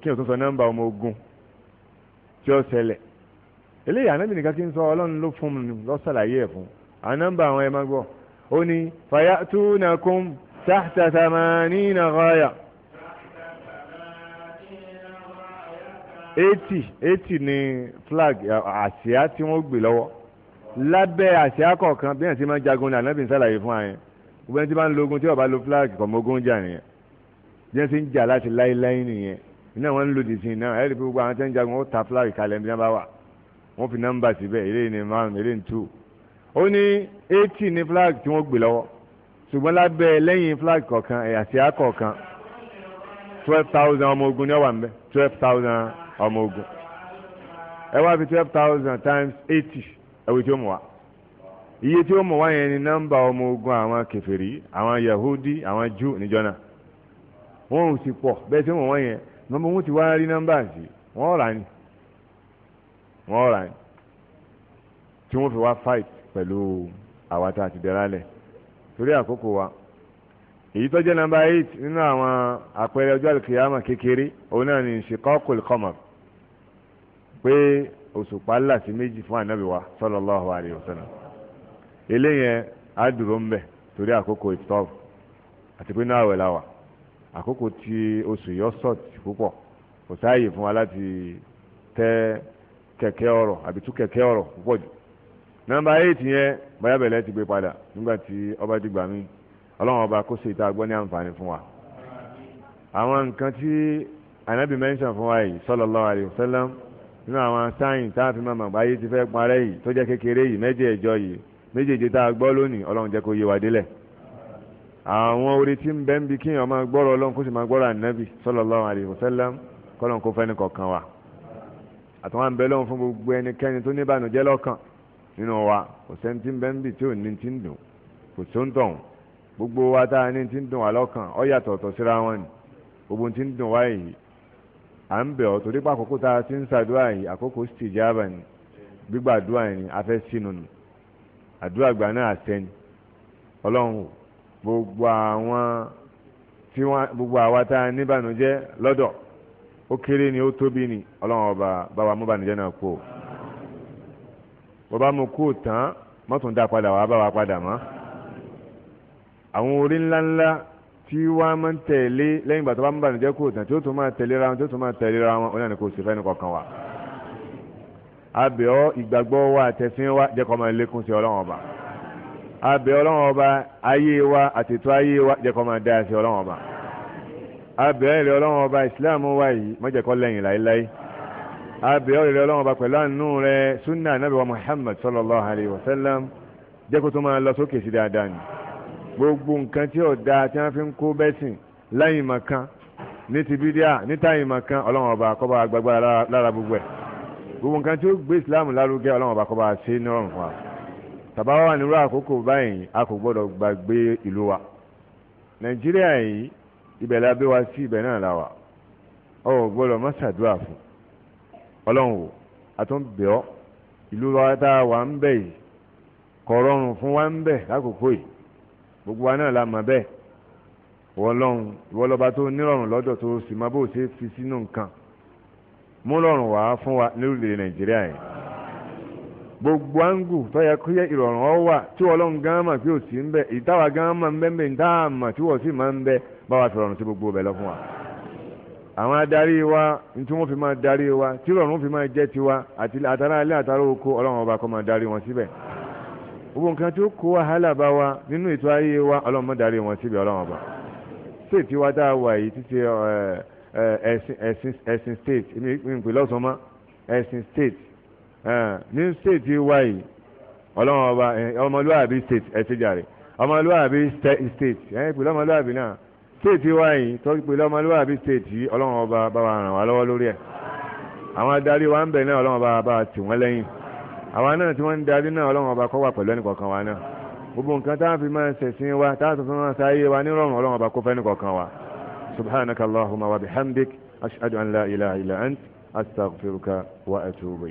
kí n tún sọ nọ́mbà ọmọ ogun tí ó ṣẹlẹ̀ eléyìí ànábì nìkan ti ń sọ ọlọ́run ló fún un lọ sàlàyé ẹ̀ fún àwọn nọ́mbà àwọn ẹ̀ máa gbọ́ ó ní fayatunakum tahta thamanina ghaya eighty eighty ni flag àsíá tí wọ́n gbé lọ́wọ́ lábẹ́ àsíá kọ̀ọ̀kan bí wọ́n ti máa jagun ní ànábì ń sàlàyé fún àyẹn gbogbo ẹni tí bá ń lo ogun tí ó bá lo flag kọ̀mọ́gún jà nìyẹn bí wọ́n ti ń jà láti láéláé nìyẹn iná wọn ń lòdì sí iná ẹ̀rí pé gbogbo àwọn tí ń jagun ó ta flag kalẹ̀ bí wọ́n bá wà wọ́n fi nọ́mbà síbẹ̀ eré ní márùn eré ní two ó ní eighty ní flag tí wọ́n gbé lọ́wọ́ ṣùgbọ́n lábẹ́ lẹ́yìn flag kọ̀ọ̀kan eh, àsíá kọ̀ọ̀kan twelve thousand ọmọ ogun ni ó wà ń twelve thousand ọmọ ogun ẹ wá fi twelve thousand times eighty ẹ̀wù tí ó mú wá iye tí ó mú wá yẹn ni nọ́mbà ọmọ ogun àwọn kèfèrí àwọn Yahudi àwọn Júù níjọ́ náà wọn ò sì pọ̀ bẹ́ẹ̀ tí wọ́n wọ́n yẹn nọ́mbà wọn ti wá rí nọ́mbà sí wọ́n rà ní. wọ́n rà fight pẹ̀lú àwa tá ti torí àkókò wa èyí tó jẹ́ nàmbà eight nínú àwọn àpẹẹrẹ ọjọ́ àlùkìyàmà kékeré òun náà ní ṣìkọ́kùl kọ́mọ̀ pé òṣùpá là sí méjì fún ànábì wa sallallahu alaihi wasallam eléyẹn á dúró ń bẹ̀ torí àkókò ìtọ́f àti pé náà la wà àkókò oṣù yọ púpọ̀ kò sáàyè kẹ̀kẹ́ ọ̀rọ̀ àbí tú kẹ̀kẹ́ ọ̀rọ̀ púpọ̀ jù nọ́mbà eight yẹn báyàbẹ̀lẹ̀ ti gbé padà nígbà tí ọba ti gbà mí ọlọ́run ọba kó ṣe ìta ní àǹfààní fún wa. àwọn nǹkan tí anabi mention fún wa yìí sallallahu alaihi wasallam nínú àwọn sáyìn tá a fi máa màgbá yìí ti fẹ́ parẹ́ yìí tó jẹ́ kékeré yìí mẹ́jẹ̀ẹ̀jọ yìí méjèèjì tá a gbọ́ lónìí ọlọ́run jẹ́ kó yé wa délẹ̀ àwọn orí tí ń bẹ́ ń bi gbọ́rọ̀ ọlọ́run kó sì máa gbọ́rọ̀ ànábì sallallahu alaihi wasallam kọ́lọ́run kó fẹ́ni àtàwọn àbẹ lọ́wọ́ fún gbogbo ẹnikẹ́ni tó ní ìbànújẹ́ lọ́kàn nínú wa kò sẹ́ni tí ń bẹ ń bì tí ò ní ti ń dùn kò tó ń tọ̀hún gbogbo wa tá a ní ti ń dùn wá lọ́kàn ọ yàtọ̀ ọ̀tọ̀ síra wọn ni gbogbo ti ń dùn wá yìí à ń bẹ̀ ọ́ torí pé àkókò tá a ti ń ṣàdúrà yìí àkókò sì jábà ni gbígbàdúrà yìí ni a fẹ́ sínú ni àdúrà gbà náà àtẹni ọlọ́run gbogbo àwọn tí wọ́n gbogbo ó kéré ni ó tóbi ni ọlọ́run ọba báwa mú bànújẹ́ náà kú o bàbá mu kú tán mọ́tún dá padà wàá báwa padà mọ́ àwọn orí ńláńlá tí wàá máa ń tẹ̀lé lẹ́yìn ìgbà tó bá mú bànújẹ́ kú tán tí ó tún máa tẹ̀lé ra wọn tí ó tún máa tẹ̀lé ra wọn oníyànjú kò sí fẹ́ni kankan wa abẹ́ ìgbàgbọ́ wa àtẹ̀sìn wa jẹ́ kó máa lékún sí ọlọ́run ọba abẹ́ ọlọ́run ọba ayé wa àtètò ayé wa jẹ́ kó máa dáa sí ọlọ́run ọba abẹ́ ìrẹ́ ọlọ́run ọba ìsìláàmù wa yìí mọ́jẹ̀kọ́ lẹ́yìn láéláé abẹ́ ìrẹ́ ọlọ́run ọba pẹ̀lú àánú rẹ sunna anabi wa muhammad sallallahu alayhi wa sallam jẹ́ kó tó máa lọ sókè sí dáadáa ni gbogbo nǹkan tí ó da tí wọ́n fi ń kó bẹ́sìn láyìn mọ̀kan ní ti bídíà ní táyìn mọ̀kan ọlọ́run ọba kó bá agbára lára gbogbo ẹ̀ gbogbo nǹkan tí ó gbé ìsìláàmù lárugẹ ọlọ́run ọba kó ibẹ̀ la bí wa sí ibẹ̀ náà la wà ọ gbọ́dọ̀ má ṣàdúrà fún ọlọ́run wò àtúnbẹ̀ ọ́ ìlú wa tá a wà ń bẹ̀ yìí kò rọrùn fún wa ń bẹ̀ lákòókò yìí gbogbo wa náà la mọ̀ bẹ́ẹ̀ wọlọ́run ìwọlọ́ba tó nírọ̀rùn lọ́dọ̀ tó sì máa bó ṣe fi sínú nǹkan mú rọrùn wá fún wa lórílẹ̀ nàìjíríà yìí gbogbo áńgù tó yẹ kó yẹ ìrọ̀rùn ọ wà tí ọlọ́run gan mọ̀ pé ò sí ń bẹ̀ ìtawà gan mọ̀ ń bẹ́ẹ̀ ń bẹ́ẹ̀ tí wọ́n sì máa ń bẹ́ẹ̀ báwa fi rọrùn sí gbogbo ọbẹ̀ lọ fún wa àwọn adarí wa tí wọ́n fi máa darí wa tí rọrùn fi máa jẹ́ tiwa àti àtàrà ilé àtàrà oko ọlọ́run ọba kó máa darí wọn síbẹ̀ gbogbo nǹkan tí ó kó wàhálà bá wa nínú ètò ayé wa ọlọ́run máa darí wọn síbẹ̀ ọlọ́run ọba state tiwa tá a wà yìí títí ẹ̀sìn state mi pè lọ́sàn mọ́ ẹ̀sìn state ní state wa yìí ọlọ́run ọba ọmọlúwàbí state ẹ̀sìn jàre ọmọlúwàbí state ẹ̀ pè lọ́mọlúwàbí náà stéètì wa yìí tó pè lọ́mọlúwàbí stéètì ọlọ́run ọba bá wa ràn wá lọ́wọ́ lórí ẹ̀ àwọn adarí wa ń bẹ̀ náà ọlọ́run ọba bá tì wọ́n lẹ́yìn àwa náà tí wọ́n ń darí náà ọlọ́run ọba kó wà pẹ̀lú ẹnìkọ̀ọ̀kan wa náà gbogbo nǹkan tá a fi máa ṣẹ̀sìn wa tá a fi máa ṣayé wa nírọ̀rùn ọlọ́run ọba kó fẹ́ ẹnìkọ̀ọ̀kan wa wa bihamdik wa atubu